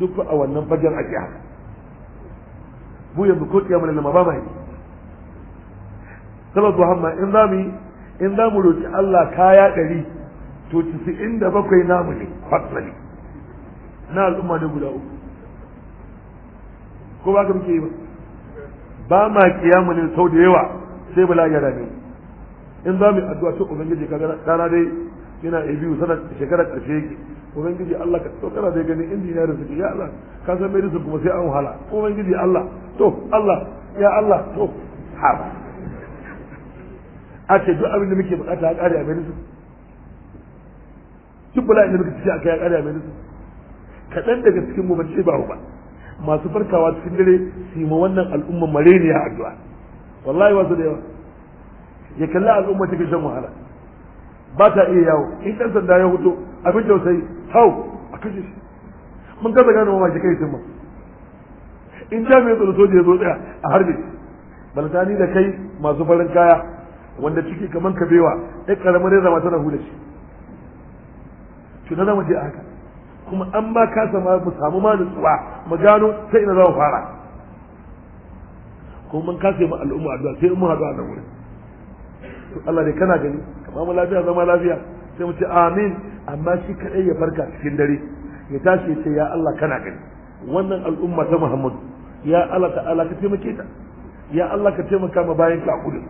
duk a wannan fajar ake haka mu yanzu ko kiyama da ma ba yi sabab muhammad in za mu in za mu roki Allah kaya ɗari to tisa'in da bakwai namu ne fasali na al'umma ne guda uku ko ba ka muke yi ba ba ma kiyama ne sau da yawa sai bala ya rame in za mu addu'a to ubangiji kaga rana dai yana a biyu sana shekara ƙarshe yake ubangiji Allah ka to kana da ganin injiniya ya suke ya Allah ka san mai rizqi kuma sai an wahala ubangiji Allah to Allah ya Allah to ha a ce duk abin da muke bukata ya kare a mai rizqi duk bala'in da muke ci a kai ya kare a mai rizqi kaɗan daga cikin mu ba ce ba ba masu farkawa cikin dare su ma wannan al'umma mareniya addu'a wallahi wasu da yawa ya kalli al'umma take shan wahala ba ta iya yawo in ɗan sanda ya hutu abin tausayi hau a kashe shi mun kasa gane ma shi kai sun ma in mai tsoro soja ya zo tsaya a harbe ni da kai masu farin kaya wanda ciki kamar bewa ɗan ƙaramin reza ma tana hula shi tunanin waje a haka kuma an ma kasa ma mu samu ma nutsuwa mu gano sai ina za mu fara kuma mun kasa mu al'umma addu'a sai mun haɗu a nan wurin to Allah dai kana gani ka mu lafiya zama lafiya sai mu ce amin amma shi kadai ya farka cikin dare ya tashi ya ce ya Allah kana gani wannan al'umma ta Muhammadu ya Allah ala ka taimake ta ya Allah ka taimaka ma bayan ka kudu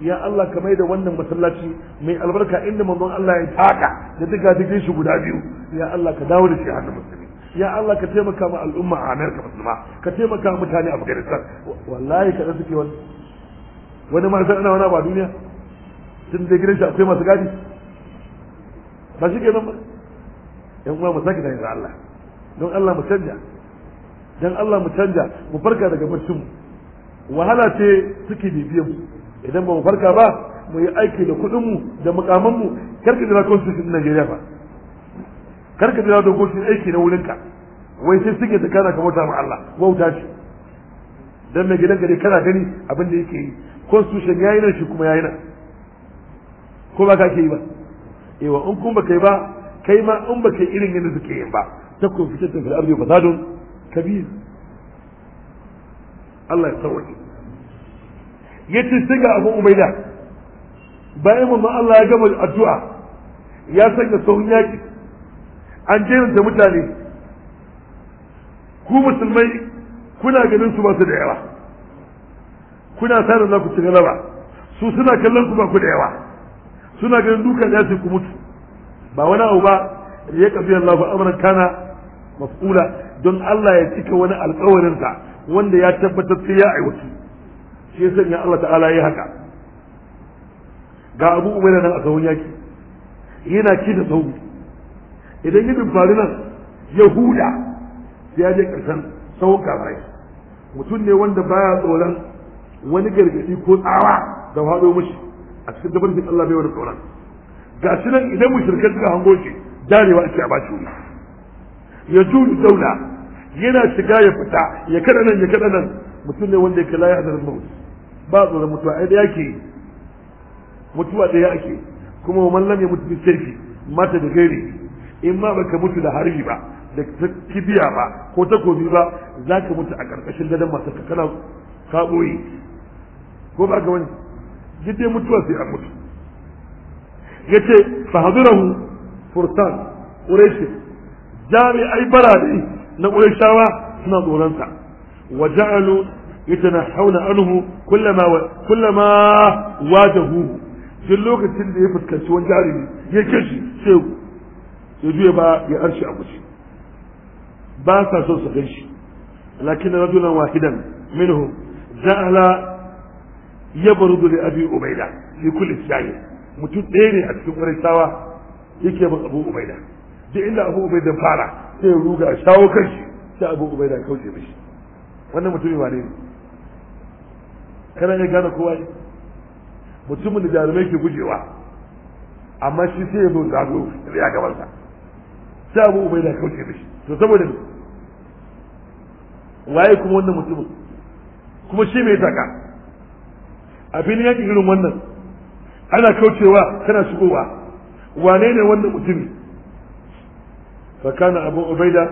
ya Allah ka mai da wannan masallaci mai albarka inda manzon Allah ya taka da duka dukin shi guda biyu ya Allah ka dawo da shi hannun musulmi ya Allah ka taimaka ma al'umma a Amerika musulma ka taimaka mutane a Afghanistan wallahi ka suke wani wani ma sai ana wani ba duniya tun da gidan shi akwai masu gadi ba shi kenan ba yan uwa mu sake da Allah don Allah mu canja don Allah mu canja mu farka daga barcin mu wahala ce suke bibiye mu idan ba mu farka ba mu yi aiki da kuɗin mu da mukaman mu karka jira constitution Najeriya ba karka jira dokokin aiki na ka wai sai suke ta kana kamar ta Allah wauta ce dan mai gidan gari kana gani abin da yake yi constitution yayi nan shi kuma yayin nan ko ba ka ke yi ba ewa in kun ba kai ba kai ma in ba kai irin yadda suke yin ba ta kun fitar da fil ardi fasadun kabir Allah ya sauke yace sai ga Abu Ubaida bayan mun Allah ya gama addu'a ya sanya sauran yaki an jerin da mutane ku musulmai kuna ganin su ba su da yawa kuna sa da za ku ci laba, su suna kallon ku ba ku da yawa suna ganin da ya ku mutu ba wani abu ba ya kafi Allah ba amran kana mas'ula don Allah ya cika wani alƙawarin sa wanda ya tabbatar sai ya aiwatu shi yasa ya Allah ta'ala ya haka ga Abu Umaira nan a sahun yaki yana kida da idan ya farinan nan Yahuda sai ya je karshen sahun kafirai mutum ne wanda baya tsoron wani gargadi ko tsawa da faɗo mushi a cikin tabarkin Allah bai wani tsoron ga shi nan idan mushrikai suka hango shi darewa ake a bashi wuri ya juri zauna yana shiga ya fita ya kada nan ya kada nan mutum ne wanda ya kala ya hadarin maut ba tsoron mutuwa ai da yake mutuwa da yake kuma mallam ya mutu sai mata da gairi in ma baka mutu da harbi ba da kibiya ba ko ta gobi ba za ka mutu a ƙarƙashin gadon masu kana ka ko ba ga wani duk dai mutuwa sai an mutu yace fahdirahu furtan quraish jami'ai barade na qurayshawa suna tsoron sa wa ja'alu yatanahawna anhu kullama wajahu duk lokacin da ya fuskanci wani jarumi ya kishi sai ya juya ba ya arshi a guje ba sa son su gan shi lakin rajulan wahidan minhum ja'ala ya barudu da abi ubaida ni kulli shayi mutum ɗaya ne a cikin ƙuraishawa yake bin abu ubaida da inda abu ubaida fara sai ya ruga shawo kanshi sai abu ubaida kauce mishi wannan mutumin wane ne kana ya gane kowa ne mutumin da jarumai ke gujewa amma shi sai ya zo zago ya gabansa sai abu ubaida kauce mishi to saboda waye kuma wannan mutumin kuma shi mai taka Abin filin yakin irin wannan ana kaucewa tana shigowa wane ne wannan mutumi fakana abu ubaida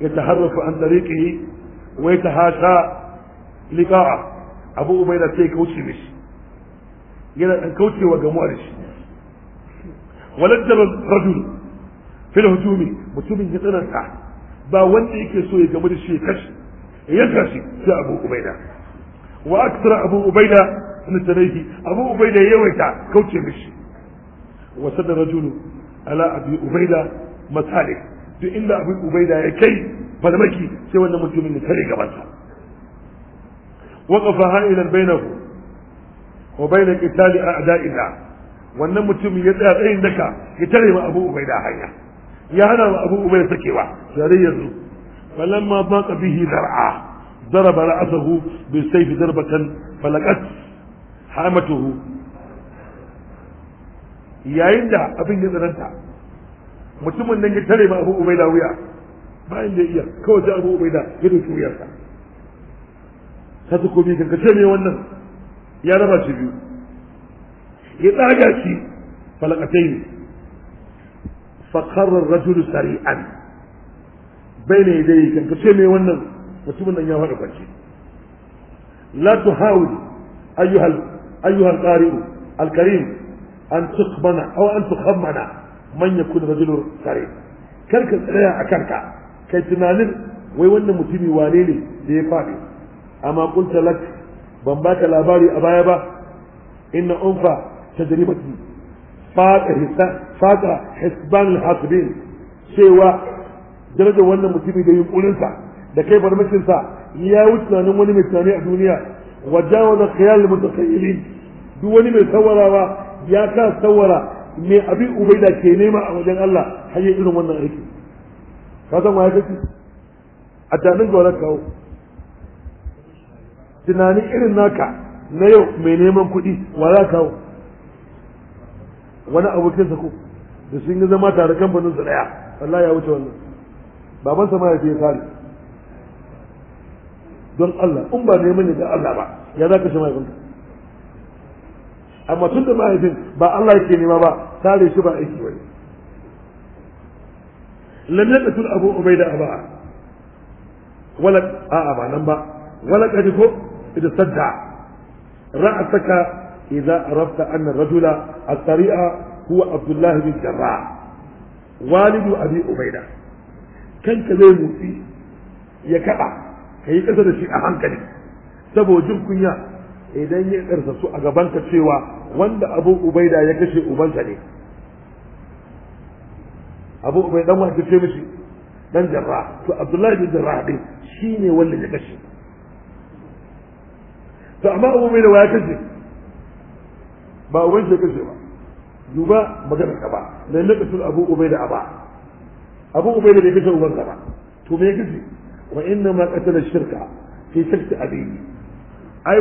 ya taharrafu an wai wa yatahasha liqa'a abu ubaida sai kauce mishi yana dan kaucewa gamuwa da shi waladda rajul fil hujumi mutumin ya tsananta ba wanda yake so ya gamu da shi ya kashi ya kashi sai abu ubaida wa aktara abu ubaida na tarayhi abu ubaida ya yawaita kauce mishi wa sadda rajulu ala abu ubaida masalik duk inda abu ubaida ya kai farmaki sai wannan mutumin ya tare gabansa waqafa ha'ilan bainahu wa baina qitali a'da'illah wannan mutumin ya tsaya tsayin daka ya tare ma abu ubaida hanya ya hana ma abu ubaida sakewa tare yanzu falamma baqa bihi zar'a ضرب رأسه بالسيف ضربة فلقت حامته yayin da abin ya tsananta mutumin nan ya tare ma abu ubaida wuya bayan da iya kawai sai abu ubaida ya dauki wuyarsa ta su me wannan ya raba shi biyu ya tsaga shi falakatai ne fakarar rajulu sari'an bai ne dai kan me wannan mutumin nan ya faɗa kwace la tuhawil ayyuhal ayyuhal qari'u alkarim an tuqmana aw an tuqammana man yakun rajulun kar ka tsaya a kanka kai tunanin wai wannan mutumi wane ne da ya faɗi amma kunta lak ban baka labari a baya ba inna unfa tajribati fata hisa fata hisban alhasibin cewa darajar wannan mutumi da yunkurinsa da kai barmakin sa ya wuce tunanin wani mai tunani a duniya da khiyal mutakayyili duk wani mai sawarawa ya ka sawara mai abin ubaida ke nema a wajen Allah har irin wannan aiki ka san wa ya a tunanin gora kawo tunanin irin naka na yau mai neman kuɗi wa za kawo wani abokinsa ko da sun yi zama tare kamfanin su daya Allah ya wuce wannan baban ma ya fiye kare don Allah in ba neman ne da Allah ba ya za ka shi mahaifinka amma tun da mahaifin ba Allah yake nema ba tare shi ba aiki wani lam yaqtul abu ubaida aba wala a'a ba nan ba wala kadi ko idan sadda ra'ataka إذا عرفت أن الرجل الطريقة هو عبد الله بن Walidu والد أبي أبيدة كان كذا ya يكبع ka yi ƙasa da shi a hankali saboda jin kunya idan ya ƙarsa su a gabanka cewa wanda abu ubaida ya kashe ubansa ne abu ubaida dan wanda kashe mishi dan jarra to abdullahi bin jarra din shine wanda ya kashe to amma abu ubaida wa ya kashe ba uban shi ya kashe ba duba magana ka ba lai nakasul abu ubaida ba abu ubaida bai kashe ubansa ba to me ya kashe wa inna ma qatala shirka fi shirki abihi ai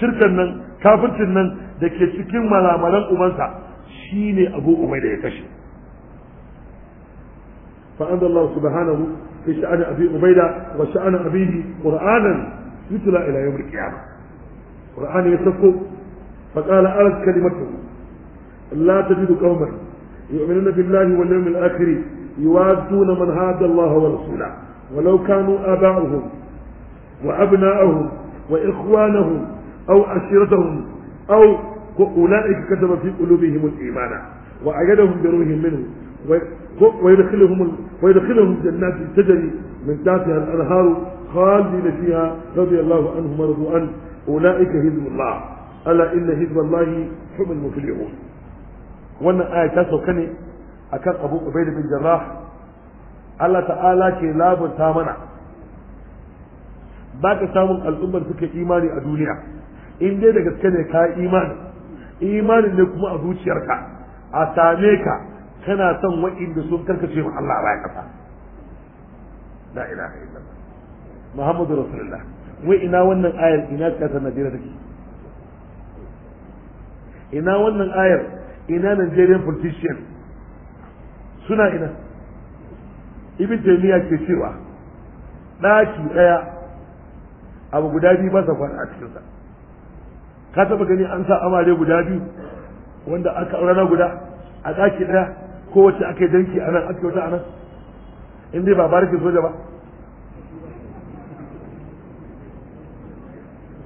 shirkan nan kafircin nan da ke cikin malamalan ubansa shine abu umai da ya kashe fa anzal Allah subhanahu fi sha'ani abi ubaida wa sha'ani abihi qur'anan yutla ila yawm al-qiyamah qur'an ya sako fa qala alat kalimatu la tajidu ولو كانوا آباؤهم وأبناءهم وإخوانهم أو عشيرتهم أو أولئك كتب في قلوبهم الإيمان وأيدهم بروح منه ويدخلهم ويدخلهم جنات تجري من تحتها الأنهار خالدين فيها رضي الله عنهم ورضوا عنه أولئك حزب الله ألا إن حزب الله حب المفلحون wannan آية تاسو كني أكاد أبو عبيد بن جراح Allah ta'ala ke labunta mana ba ka samun al'ummar suke imani a duniya in dai da gaske ne ka imani imanin ne kuma a zuciyarka a same ka kana son wa'inda sun karkace ma Allah a kasa la ilaha illallah muhammadu rasulullah wai ina wannan ayar ina kasar najeriya take ina wannan ayar ina nigerian politician suna ina ibn taymiya ke cewa daki daya abu guda biyu ba sa kwana a cikin sa ka taba gani an sa amare guda biyu wanda aka rana guda a daki daya kowace aka yi danki a nan aka wata a nan in dai ba soja ba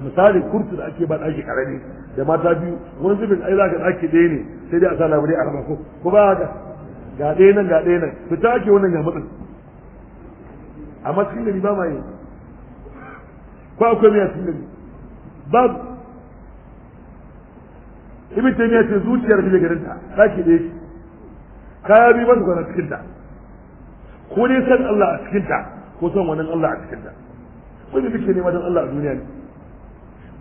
misali kurtu da ake ba daki karami da mata biyu wani zubin ai za ka daki ɗaya ne sai dai a sa labari a ramako ko ba haka ga ɗaya nan ga ɗaya nan fita ake wannan ga matsin amma cikin gari ba ma yi ko akwai mai a cikin gari ibi ta miya ce zuciyar da garin ta sake da yake kaya biyu ba su gana cikin ta ko ne san Allah a cikin ta ko san wannan Allah a cikin ta wanda muke ne wajen Allah a duniya ne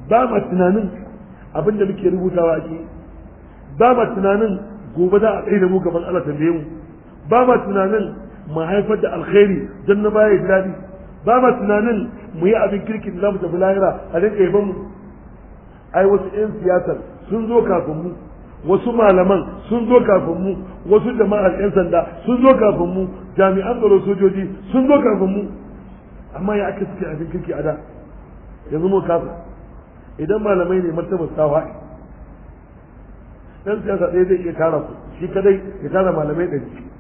ba ma tunanin abin da muke rubutawa ake ba ma tunanin gobe za a tsaye da mu gaban Allah tambaye mu ba ma tunanin mu haifar da alkhairi don na baya daɗi ba ma tunanin mu yi abin kirkin za mu tafi lahira a rinka yaban mu ai wasu 'yan siyasar sun zo kafin mu wasu malaman sun zo kafin mu wasu jama'ar 'yan sanda sun zo kafin mu jami'an tsaro sojoji sun zo kafin mu amma ya aka suke abin kirki a da yanzu mu kafa idan malamai ne martaba sawa ɗan siyasa ɗaya zai iya kara su shi kadai ya kara malamai ɗari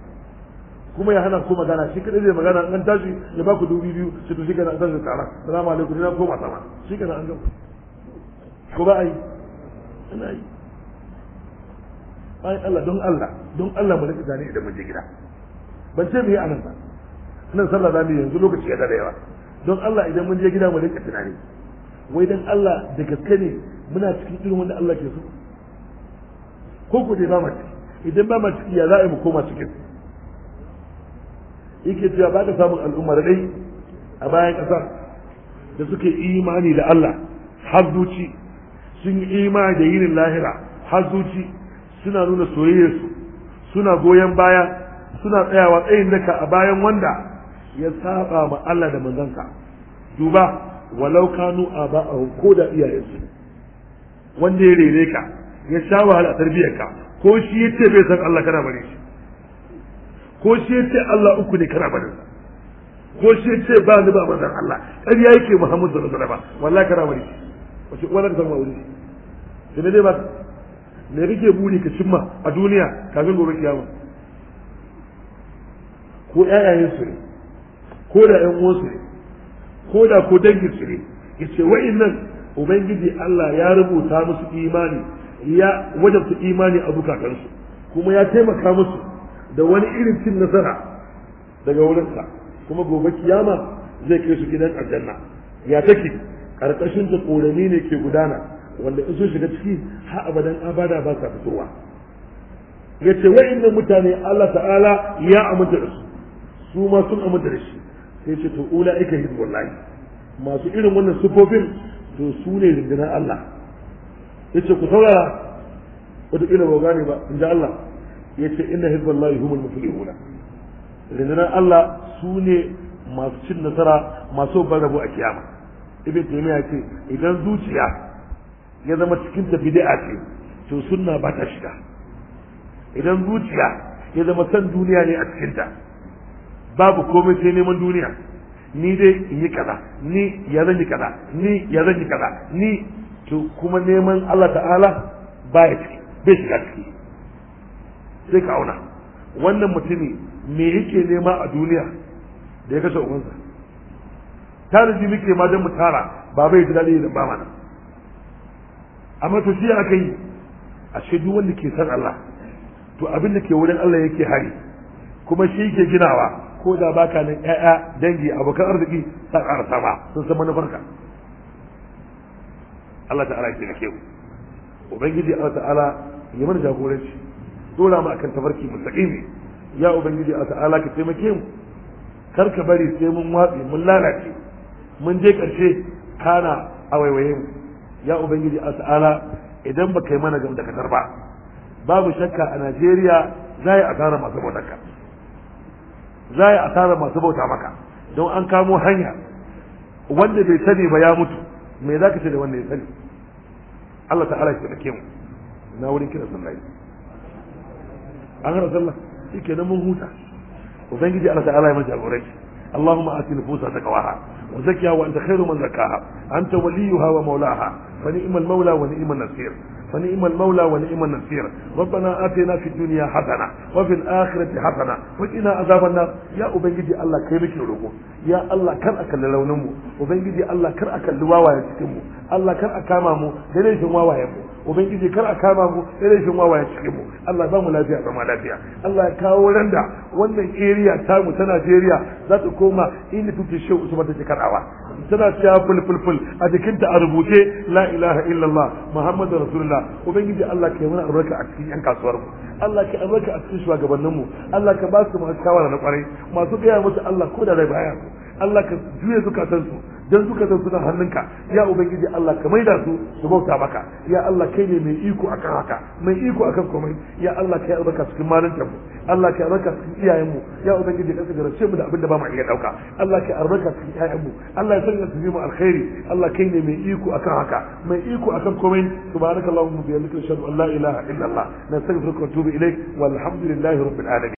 kuma ya hana ku magana shi kadai zai magana an tashi ya baku dubi biyu shi to shi kana an tashi tsara salamu alaikum ina koma sama shi kana an gama ko ba ai ina yi ai Allah don Allah don Allah mu rika gane idan mun je gida ban ce mu yi anan ba nan sallah za mu yanzu lokaci ya da yawa don Allah idan mun je gida mu rika tunani wai dan Allah da gaske ne muna cikin irin wanda Allah ke so ko ku dai ba mu idan ba mu ciki ya za a yi mu koma cikin yake cewa ba ka samun al'ummar dai a bayan ƙasa da suke imani da Allah har zuci sun yi imani da yinin lahira har zuci suna nuna soyayyarsu suna goyon baya suna tsayawa tsayin daka a bayan wanda ya saba ma Allah da manzanka duba walau kanu aba'ahum ko da iyayensu wanda ya rere ka ya sha wahala a tarbiyyarka ko shi yace bai san Allah kana bare shi ko shi ce Allah uku ne kana barin sa ko shi ce ba ni ba manzon Allah ƙarya yake Muhammadu sallallahu alaihi wasallam wallahi kana wani wace wannan zama ma wani shi ne ba me kake buri ka cimma a duniya kafin gobe kiyama ko ƴaƴayen su ne ko da ƴan uwansu ne ko da ko dangin su ne yace wa'annan ubangiji Allah ya rubuta musu imani ya wajabta imani a bukatansu kuma ya taimaka musu da wani irin cin nasara daga wurinsa kuma gobe kiyama zai kai su gidan aljanna ya take karkashin ta korami ne ke gudana wanda in sun shiga ciki har abadan abada ba sa fitowa yace ce wa'annan mutane Allah ta'ala ya aminta da su su ma sun aminta da shi sai ce to ula'ika wallahi? masu irin wannan sufofin to su ne rundunar Allah yace ku saurara wataƙila ba gane ba in Allah yace inna hizballahi humul muflihuna rundunar Allah su ne masu cin nasara masu ban rabo a kiyama ibn taymiya ce idan zuciya ya zama cikin da bid'a ce to sunna ba ta shiga idan zuciya ya zama san duniya ne a cikin ta babu komai sai neman duniya ni dai in yi kaza ni ya zan yi kaza ni ya zan yi kaza ni to kuma neman Allah ta'ala ba ya ciki bai shiga ciki sai ka auna wannan mutumi me yake nema a duniya da ya kashe ubansa ji muke ma don mu tara ba bai ji daɗi da ba mana amma to shi aka yi a duk wanda ke san Allah to abin da ke wurin Allah yake hari kuma shi yake ginawa ko da baka nan ƴaƴa dangi abokan arziki sa ƙara sama sun san manufarka Allah ta'ala ke ku ubangiji Allah ta'ala ya mana jagoranci dora mu akan tafarki ne ya ubangiji a ta'ala ka taimake mu kar ka bari sai mun watsi mun lalace mun je karshe kana a waiwaye mu ya ubangiji a ta'ala idan ba kai mana gam da katar ba babu shakka a Najeriya za yi asara masu bautar ka za yi asara masu bauta maka don an kamo hanya wanda bai sani ba ya mutu me za ka ce da wanda ya sani Allah ta'ala ya taimake mu na wurin kira sunnai akhira sallah shike nan mun huta ubangiji Allah ta'ala ya mace gore Allahumma ati nufusa taqwaha wa zakkiha wa anta khairu man zakkaha anta waliyuha wa mawlaha fa ni'mal mawla wa ni'mal nasir fa ni'mal mawla wa ni'mal nasir rabbana atina fid dunya hasana wa fil akhirati hasana wa qina adhaban nar ya ubangiji Allah kai muke roko ya Allah kar aka kalli launin mu ubangiji Allah kar aka kalli wawaye cikin mu Allah kar aka kama mu dare shin wawaye mu ubangiji kar a kama mu da shi wawa ya cike mu Allah ba mu lafiya zama lafiya Allah ya kawo randa wannan area mu ta Najeriya za ta koma inda tuke shehu Usman take karawa tana cewa fulfulful a jikinta a rubuce la ilaha illallah muhammadu rasulullah ubangiji Allah ka yi mana albarka a cikin yan kasuwar mu Allah ka albarka a cikin shugabannin mu Allah ka ba su mu shawara na kwarai masu gaya musu Allah ko da rai baya Allah ka juye zukatansu dan suka san suna hannunka ya ubangiji Allah ka maida su su bauta maka ya Allah kai ne mai iko akan haka mai iko akan komai ya Allah kai albarka cikin malantar mu Allah kai albarka cikin iyayen mu ya ubangiji ka tsira mu da abin da ba mu iya dauka Allah kai albarka cikin iyayen mu Allah ya sanya su mu alkhairi Allah kai ne mai iko akan haka mai iko akan komai subhanakallahumma bihamdika ashhadu an la ilaha illa Allah na nastaghfiruka wa atubu ilaik walhamdulillahi rabbil alamin